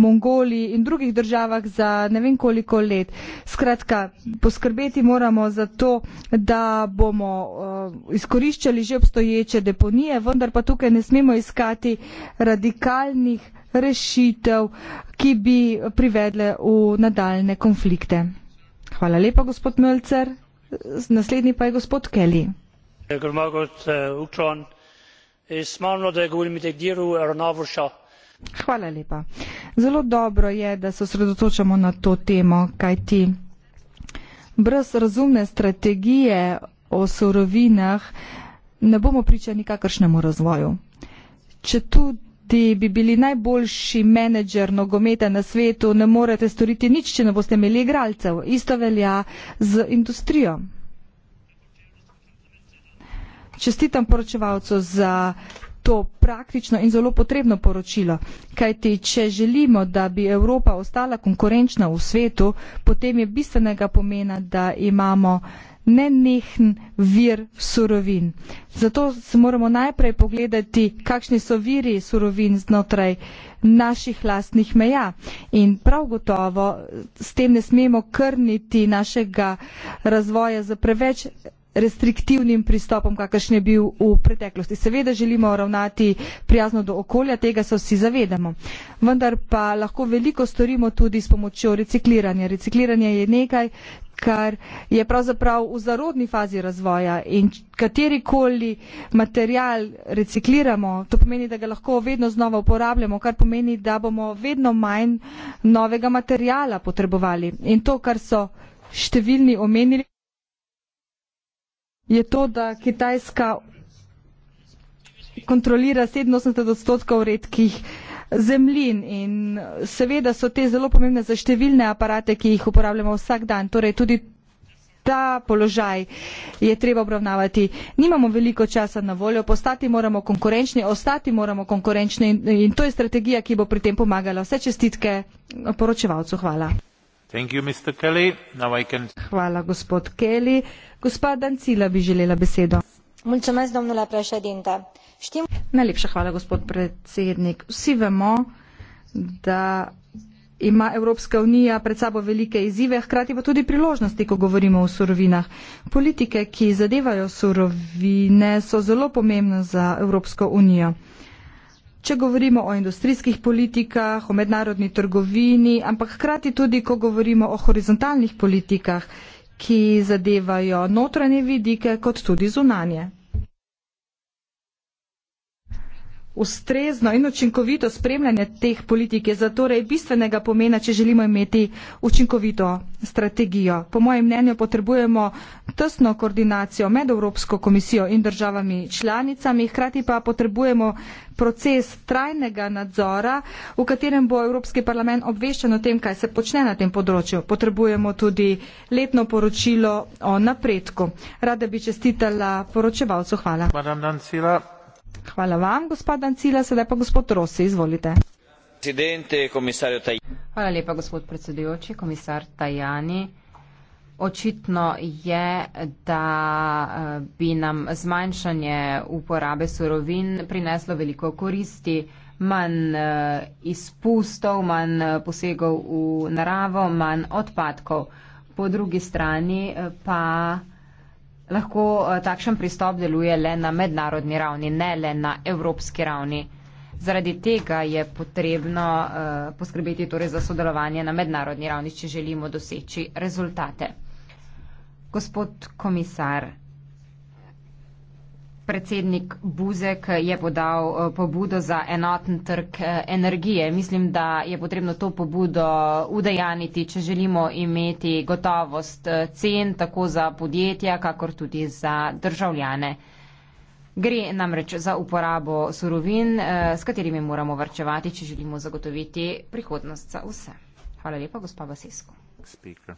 S4: Mongoliji in drugih državah za ne vem koliko let. Skratka, poskrbeti moramo za to, da bomo uh, izkoriščali že obstoječe deponije, vendar pa tukaj ne smemo iskati radikalnih rešitev, ki bi privedle v nadaljne konflikte. Hvala lepa, gospod Mölcer. Naslednji pa je gospod Kelly. E, Hvala lepa. Zelo dobro je, da se osredotočamo na to temo, kajti brez razumne strategije o surovinah ne bomo priča nikakršnemu razvoju. Če tudi ti bi bili najboljši menedžer nogometa na svetu, ne morete storiti nič, če ne boste imeli igralcev. Isto velja z industrijo. Čestitam poročevalcu za to praktično in zelo potrebno poročilo. Kajti, če želimo, da bi Evropa ostala konkurenčna v svetu, potem je bistvenega pomena, da imamo nenehen vir surovin. Zato se moramo najprej pogledati, kakšni so viri surovin znotraj naših lastnih meja. In prav gotovo s tem ne smemo krniti našega razvoja za preveč restriktivnim pristopom, kakršen je bil v preteklosti. Seveda želimo ravnati prijazno do okolja, tega se vsi zavedamo. Vendar pa lahko veliko storimo tudi s pomočjo recikliranja. Recikliranje je nekaj, kar je pravzaprav v zarodni fazi razvoja in katerikoli material recikliramo, to pomeni, da ga lahko vedno znova uporabljamo, kar pomeni, da bomo vedno manj novega materijala potrebovali. In to, kar so številni omenili je to, da Kitajska kontrolira 87 odstotkov redkih zemljin in seveda so te zelo pomembne za številne aparate, ki jih uporabljamo vsak dan. Torej, tudi ta položaj je treba obravnavati. Nimamo veliko časa na voljo, postati moramo konkurenčni, ostati moramo konkurenčni in, in to je strategija, ki bo pri tem pomagala. Vse čestitke poročevalcu. Hvala.
S3: Hvala,
S4: gospod Kelly. Gospa Dancila bi želela besedo. Mulțumesc, domnule președinte. Știm... Najlepša hvala, gospod predsednik. Vsi vemo, da ima Evropska unija pred sabo velike izzive, hkrati pa tudi priložnosti, ko govorimo o surovinah. Politike, ki zadevajo surovine, so zelo pomembne za Evropsko unijo če govorimo o industrijskih politikah, o mednarodni trgovini, ampak hkrati tudi, ko govorimo o horizontalnih politikah, ki zadevajo notranje vidike kot tudi zunanje. Ustrezno in učinkovito spremljanje teh politik je zatorej bistvenega pomena, če želimo imeti učinkovito strategijo. Po mojem mnenju potrebujemo tesno koordinacijo med Evropsko komisijo in državami članicami, hkrati pa potrebujemo proces trajnega nadzora, v katerem bo Evropski parlament obveščen o tem, kaj se počne na tem področju. Potrebujemo tudi letno poročilo o napredku. Rada bi čestitala poročevalcu. Hvala. Hvala vam, gospod Dancila. Sedaj pa
S2: gospod Rossi, izvolite. Hvala lepa, gospod predsedujoči, komisar Tajani očitno je, da eh, bi nam zmanjšanje uporabe surovin prineslo veliko koristi, manj eh, izpustov, manj eh, posegov v naravo, manj odpadkov. Po drugi strani pa lahko takšen pristop deluje le na mednarodni ravni, ne le na evropski ravni. Zaradi tega je potrebno uh, poskrbeti torej za sodelovanje na mednarodni ravni, če želimo doseči rezultate. Gospod komisar, predsednik Buzek je podal eh, pobudo za enoten trg eh, energije. Mislim, da je potrebno to pobudo udejaniti, če želimo imeti gotovost eh, cen tako za podjetja, kakor tudi za državljane. Gre namreč za uporabo surovin, s katerimi moramo varčevati, če želimo zagotoviti prihodnost za vse. Hvala lepa, gospod Vasesko. Speaker.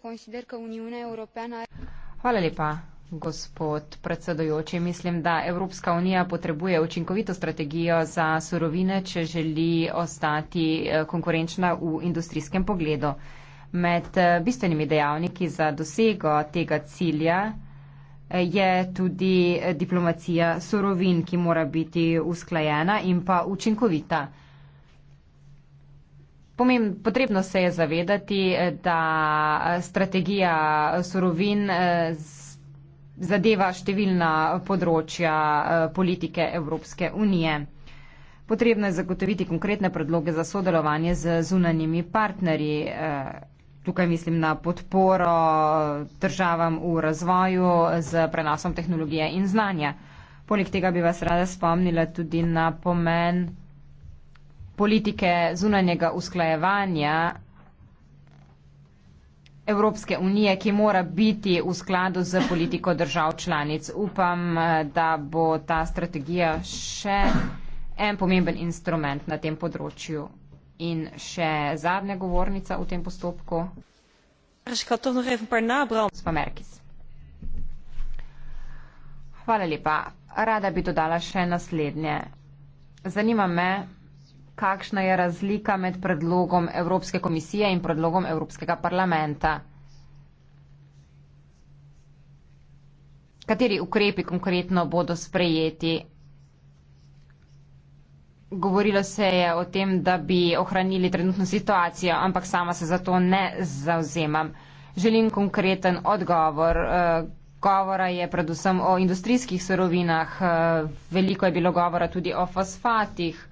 S2: consider că uniunea europeană are. Gospod predsedujoči, mislim, da Evropska unija potrebuje učinkovito strategijo za surovine, če želi ostati eh, konkurenčna v industrijskem pogledu. Med eh, bistvenimi dejavniki za dosego tega cilja je tudi eh, diplomacija sorovin, ki mora biti usklajena in pa učinkovita. Potrebno se je zavedati, eh, da eh, strategija sorovin zadeva številna področja politike Evropske unije. Potrebno je zagotoviti konkretne predloge za sodelovanje z zunanjimi partnerji. Tukaj mislim na podporo državam v razvoju z prenosom tehnologije in znanja. Poleg tega bi vas rada spomnila tudi na pomen politike zunanjega usklajevanja Evropske unije, ki mora biti v skladu z politiko držav članic. Upam, da bo ta strategija še en pomemben instrument na tem področju. In še zadnja govornica v tem postopku. Hvala lepa. Rada bi dodala še naslednje. Zanima me, kakšna je razlika med predlogom Evropske komisije in predlogom Evropskega parlamenta. Kateri ukrepi konkretno bodo sprejeti? Govorilo se je o tem, da bi ohranili trenutno situacijo, ampak sama se za to ne zauzemam. Želim konkreten odgovor. Eh, govora je predvsem o industrijskih sorovinah, eh, veliko je bilo govora tudi o fosfatih.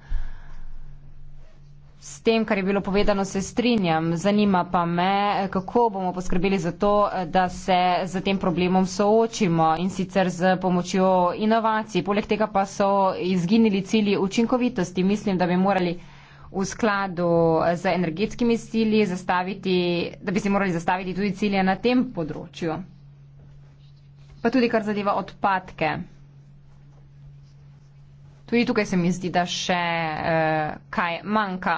S2: S tem, kar je bilo povedano, se strinjam. Zanima pa me, kako bomo poskrbeli za to, da se z tem problemom soočimo in sicer z pomočjo inovacij. Poleg tega pa so izginili cilji učinkovitosti. Mislim, da bi morali v skladu z energetskimi cilji zastaviti, da bi si morali zastaviti tudi cilje na tem področju. Pa tudi, kar zadeva odpadke. Tudi tukaj se mi zdi, da še uh, kaj manjka.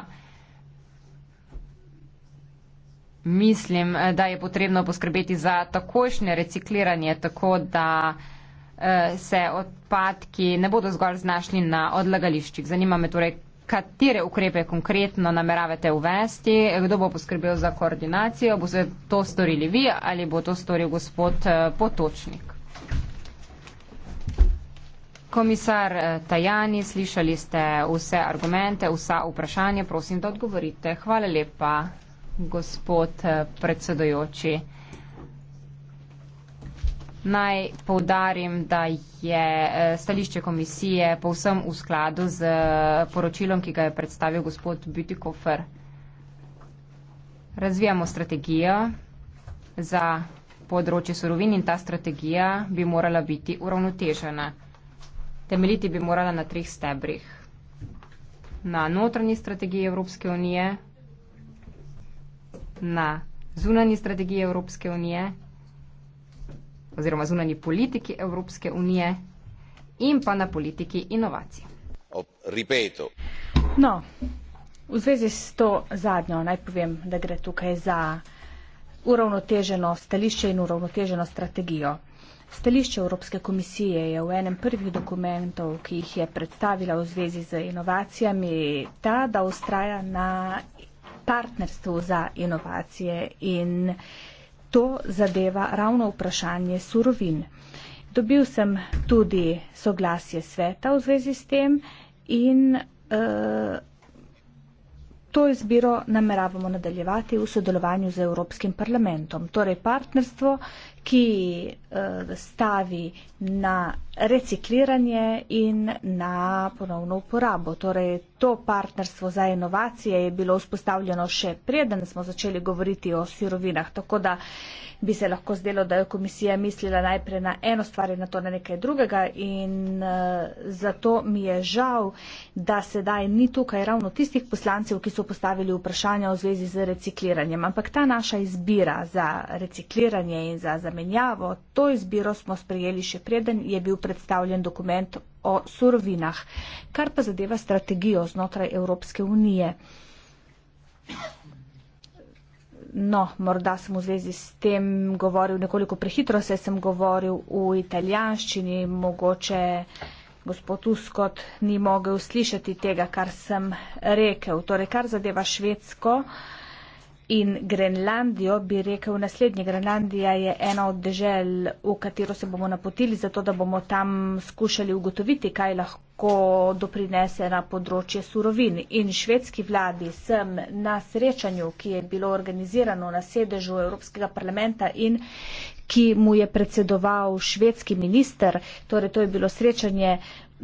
S2: Mislim, eh, da je potrebno poskrbeti za takošnje recikliranje, tako da uh, se odpadki ne bodo zgolj znašli na odlagališčih. Zanima me torej, katere ukrepe konkretno nameravate uvesti, kdo bo poskrbel za koordinacijo, bo se to storili vi ali bo to storil gospod uh, Potočnik. Komisar eh, Tajani, slišali ste vse argumente, vsa vprašanja, prosim, da odgovorite. Hvala lepa, gospod eh, predsedojoči. Naj povdarim, da je eh, stališče komisije povsem v skladu z poročilom, ki ga je predstavil gospod Bütikofer. Razvijamo strategijo za področje surovin in ta strategija bi morala biti uravnotežena temeljiti bi morala na treh stebrih. Na notranji strategiji Evropske unije, na zunanji strategiji Evropske unije oziroma zunanji politiki Evropske unije in pa na politiki inovacij.
S5: Ripeto. No, v zvezi s to zadnjo naj povem, da gre tukaj za uravnoteženo stališče in uravnoteženo strategijo. Stališče Evropske komisije je v enem prvih dokumentov, ki jih je predstavila v zvezi z inovacijami, ta, da ustraja na partnerstvu za inovacije in to zadeva ravno vprašanje surovin. Dobil sem tudi soglasje sveta v zvezi s tem in uh, To izbiro nameravamo nadaljevati v sodelovanju z Evropskim parlamentom. Torej partnerstvo, ki eh, stavi na recikliranje in na ponovno uporabo. Torej to partnerstvo za inovacije je bilo vzpostavljeno še preden smo začeli govoriti o sirovinah, tako da bi se lahko zdelo, da je komisija mislila najprej na eno stvar in na to na nekaj drugega in uh, zato mi je žal, da sedaj ni tukaj ravno tistih poslancev, ki so postavili vprašanja v zvezi z recikliranjem. Ampak ta naša izbira za recikliranje in za zamenjavo, to izbiro smo sprejeli še preden je bil predstavljen dokument o surovinah, kar pa zadeva strategijo znotraj Evropske unije. No, morda sem v zvezi s tem govoril nekoliko prehitro, saj sem govoril v italijanščini, mogoče gospod Uskot ni mogel slišati tega, kar sem rekel. Torej, kar zadeva švedsko, uh, in Grenlandijo, bi rekel naslednje. Grenlandija je ena od dežel, v katero se bomo napotili, zato da bomo tam skušali ugotoviti, kaj lahko doprinese na področje surovin. In švedski vladi sem na srečanju, ki je bilo organizirano na sedežu Evropskega parlamenta in ki mu je predsedoval švedski minister, torej to je bilo srečanje,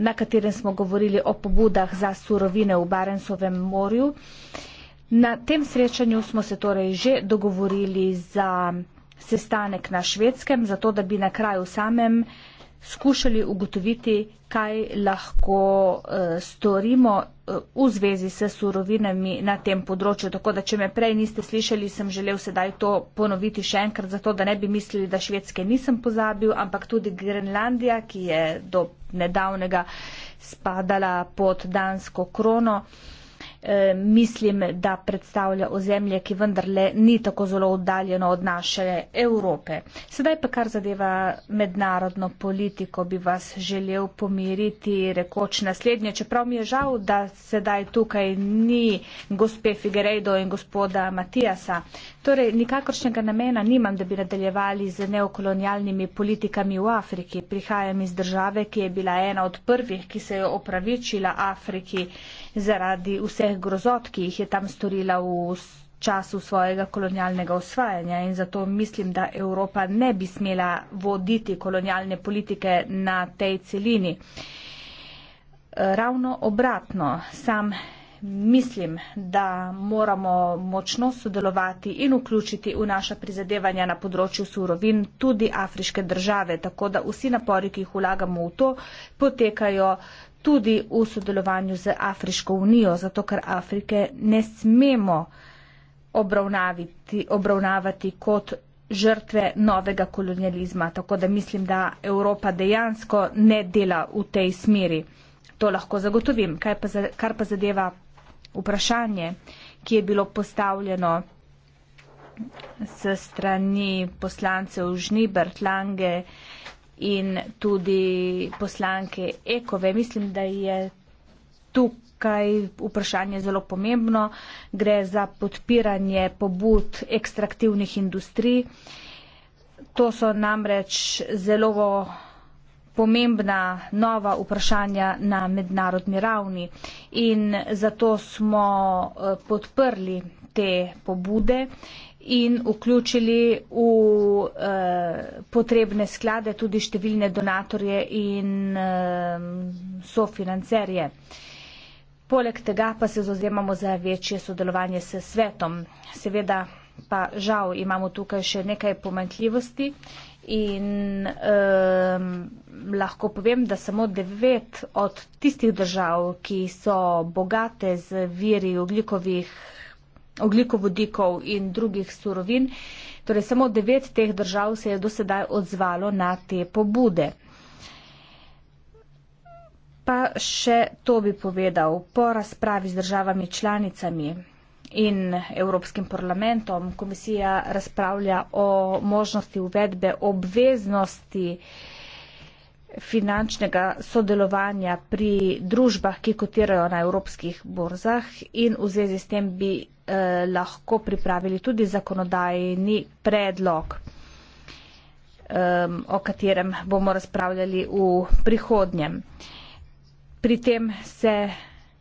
S5: na katerem smo govorili o pobudah za surovine v Barensovem morju. Na tem srečanju smo se torej že dogovorili za sestanek na švedskem, zato da bi na kraju samem skušali ugotoviti, kaj lahko uh, storimo uh, v zvezi s surovinami na tem področju. Tako da, če me prej niste slišali, sem želel sedaj to ponoviti še enkrat, zato da ne bi mislili, da švedske nisem pozabil, ampak tudi Grenlandija, ki je do nedavnega spadala pod dansko krono. Uh, Eh, mislim, da predstavlja ozemlje, ki vendarle ni tako zelo oddaljeno od naše Evrope. Sedaj pa kar zadeva mednarodno politiko, bi vas želel pomiriti rekoč naslednje. Čeprav mi je žal, da sedaj tukaj ni gospe Figerejdo in gospoda Matijasa, Torej, nikakršnega namena nimam, da bi nadaljevali z neokolonialnimi politikami v Afriki. Prihajam iz države, ki je bila ena od prvih, ki se je opravičila Afriki zaradi vseh grozot, ki jih je tam storila v času svojega kolonialnega osvajanja in zato mislim, da Evropa ne bi smela voditi kolonialne politike na tej celini. Ravno obratno, sam mislim, da moramo močno sodelovati in vključiti v naša prizadevanja na področju surovin tudi afriške države, tako da vsi napori, ki jih vlagamo v to, potekajo tudi v sodelovanju z Afriško unijo, zato ker Afrike ne smemo obravnaviti, obravnavati kot žrtve novega kolonializma. Tako da mislim, da Evropa dejansko ne dela v tej smeri. To lahko zagotovim. Pa za, kar pa zadeva vprašanje, ki je bilo postavljeno s strani poslancev Žnibert, Lange in tudi poslanke Ekove. Mislim, da je tukaj vprašanje zelo pomembno. Gre za podpiranje pobud ekstraktivnih industrij. To so namreč zelo pomembna nova vprašanja na mednarodni ravni in zato smo eh, podprli te pobude in vključili v e, potrebne sklade tudi številne donatorje in e, sofinancerje. Poleg tega pa se zauzemamo za večje sodelovanje s svetom. Seveda pa žal imamo tukaj še nekaj pomankljivosti In um, lahko povem, da samo devet od tistih držav, ki so bogate z viri oglikovodikov in drugih surovin, torej samo devet teh držav se je dosedaj odzvalo na te pobude. Pa še to bi povedal po razpravi z državami članicami in Evropskim parlamentom. Komisija razpravlja o možnosti uvedbe obveznosti finančnega sodelovanja pri družbah, ki kotirajo na evropskih borzah in v zvezi s tem bi eh, lahko pripravili tudi zakonodajni predlog, eh, o katerem bomo razpravljali v prihodnjem. Pri tem se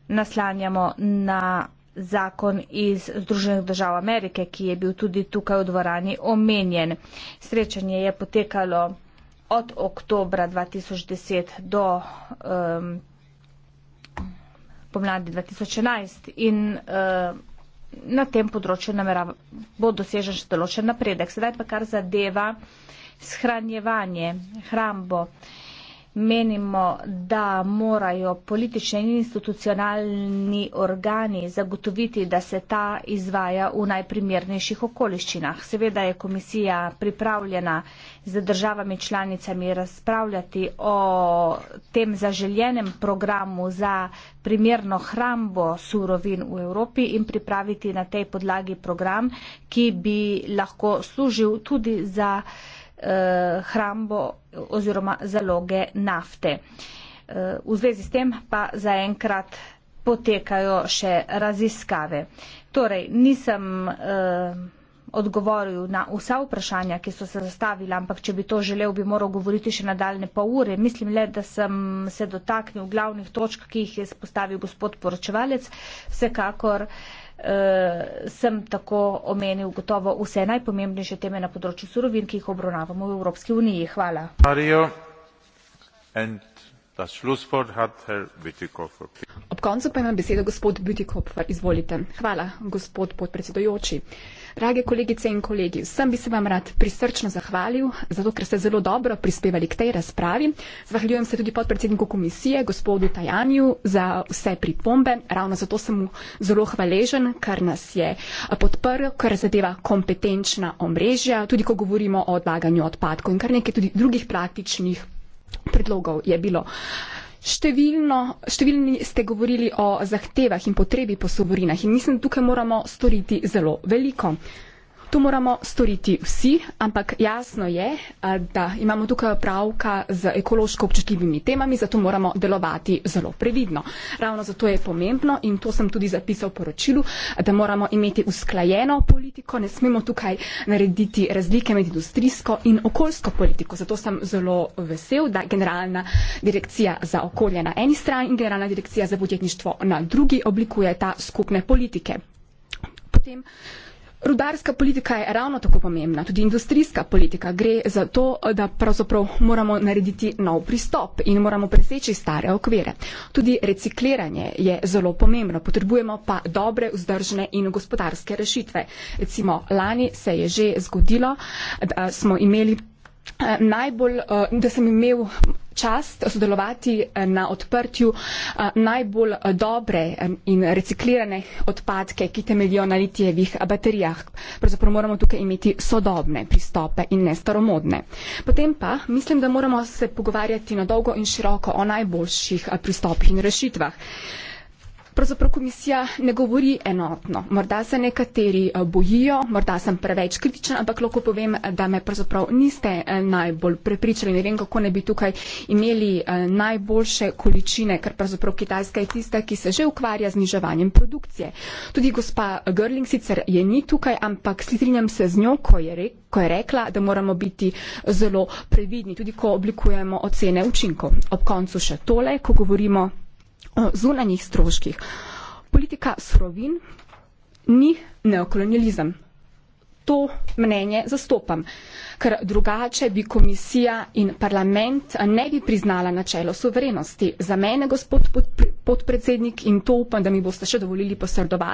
S5: naslanjamo na zakon iz Združenih držav Amerike, ki je bil tudi tukaj v dvorani omenjen. Srečanje je potekalo od oktobra 2010 do um, pomladi 2011 in uh, Na tem področju namerava, bo dosežen še določen napredek. Sedaj pa kar zadeva shranjevanje, hrambo. Uh, Menimo, da morajo politični in institucionalni organi zagotoviti, da se ta izvaja v najprimernejših okoliščinah. Seveda je komisija pripravljena z državami članicami razpravljati o tem zaželjenem programu za primerno hrambo surovin v Evropi in pripraviti na tej podlagi program, ki bi lahko služil tudi za eh, hrambo oziroma zaloge nafte. Eh, v zvezi s tem pa zaenkrat potekajo še raziskave. Torej, nisem eh, odgovoril na vsa vprašanja, ki so se zastavila, ampak če bi to želel, bi moral govoriti še nadaljne pol ure. Mislim le, da sem se dotaknil glavnih točk, ki jih je spostavil gospod poročevalec. Vsekakor. Eh, uh, sem tako omenil gotovo vse najpomembnejše teme na področju surovin, ki jih obravnavamo v Evropski uniji. Hvala.
S3: Mario, Ob koncu pa imam besedo gospod Bütikofer. Izvolite. Hvala, gospod podpredsedujoči. Drage kolegice in kolegi, vsem bi se vam rad prisrčno zahvalil, zato ker ste zelo dobro prispevali k tej razpravi. Zahvaljujem se tudi podpredsedniku komisije, gospodu Tajanju, za vse pripombe. Ravno zato sem mu zelo hvaležen, ker nas je eh, podprl, ker zadeva kompetenčna omrežja, tudi ko govorimo o odlaganju odpadkov in kar nekaj tudi drugih praktičnih predlogov je bilo. Številno, številni ste govorili o zahtevah in potrebi po sovorinah in mislim, tukaj moramo storiti zelo veliko. To moramo storiti vsi, ampak jasno je, eh, da imamo tukaj opravka z ekološko občutljivimi temami, zato moramo delovati zelo previdno. Ravno zato je pomembno in to sem tudi zapisal v poročilu, da moramo imeti usklajeno politiko, ne smemo tukaj narediti razlike med industrijsko in okoljsko politiko. Zato sem zelo vesel, da generalna direkcija za okolje na eni strani in generalna direkcija za podjetništvo na drugi oblikuje ta skupne politike. Potem, Rudarska politika je ravno tako pomembna, tudi industrijska politika. Gre za to, da pravzaprav moramo narediti nov pristop in moramo preseči stare okvire. Tudi recikliranje je zelo pomembno, potrebujemo pa dobre, vzdržne in gospodarske rešitve. Recimo, lani se je že zgodilo, da smo imeli Eh, najbolj, eh, da sem imel čast sodelovati eh, na odprtju najbolj dobre in reciklirane odpadke, ki temeljijo na litijevih baterijah. Pravzaprav moramo tukaj imeti sodobne pristope in ne staromodne. Potem pa mislim, da moramo se pogovarjati na dolgo in široko o najboljših pristopih in rešitvah pravzaprav komisija ne govori enotno. Morda se nekateri eh, bojijo, morda sem preveč kritičen, ampak lahko povem, da me pravzaprav niste eh, najbolj prepričali. Ne vem, kako ne bi tukaj imeli eh, najboljše količine, ker pravzaprav Kitajska je tista, ki se že ukvarja z niževanjem produkcije. Tudi gospa Görling sicer je ni tukaj, ampak slitrinjam se z njo, ko je, re, ko je rekla, da moramo biti zelo previdni, tudi ko oblikujemo ocene učinkov. Ob koncu še tole, ko govorimo Eh, zunanjih stroških. Politika surovin ni neokolonializem. To mnenje zastopam, ker drugače bi komisija in parlament ne bi priznala načelo suverenosti. Za mene, gospod podpredsednik, in to upam, da mi boste še
S4: dovolili posredovati,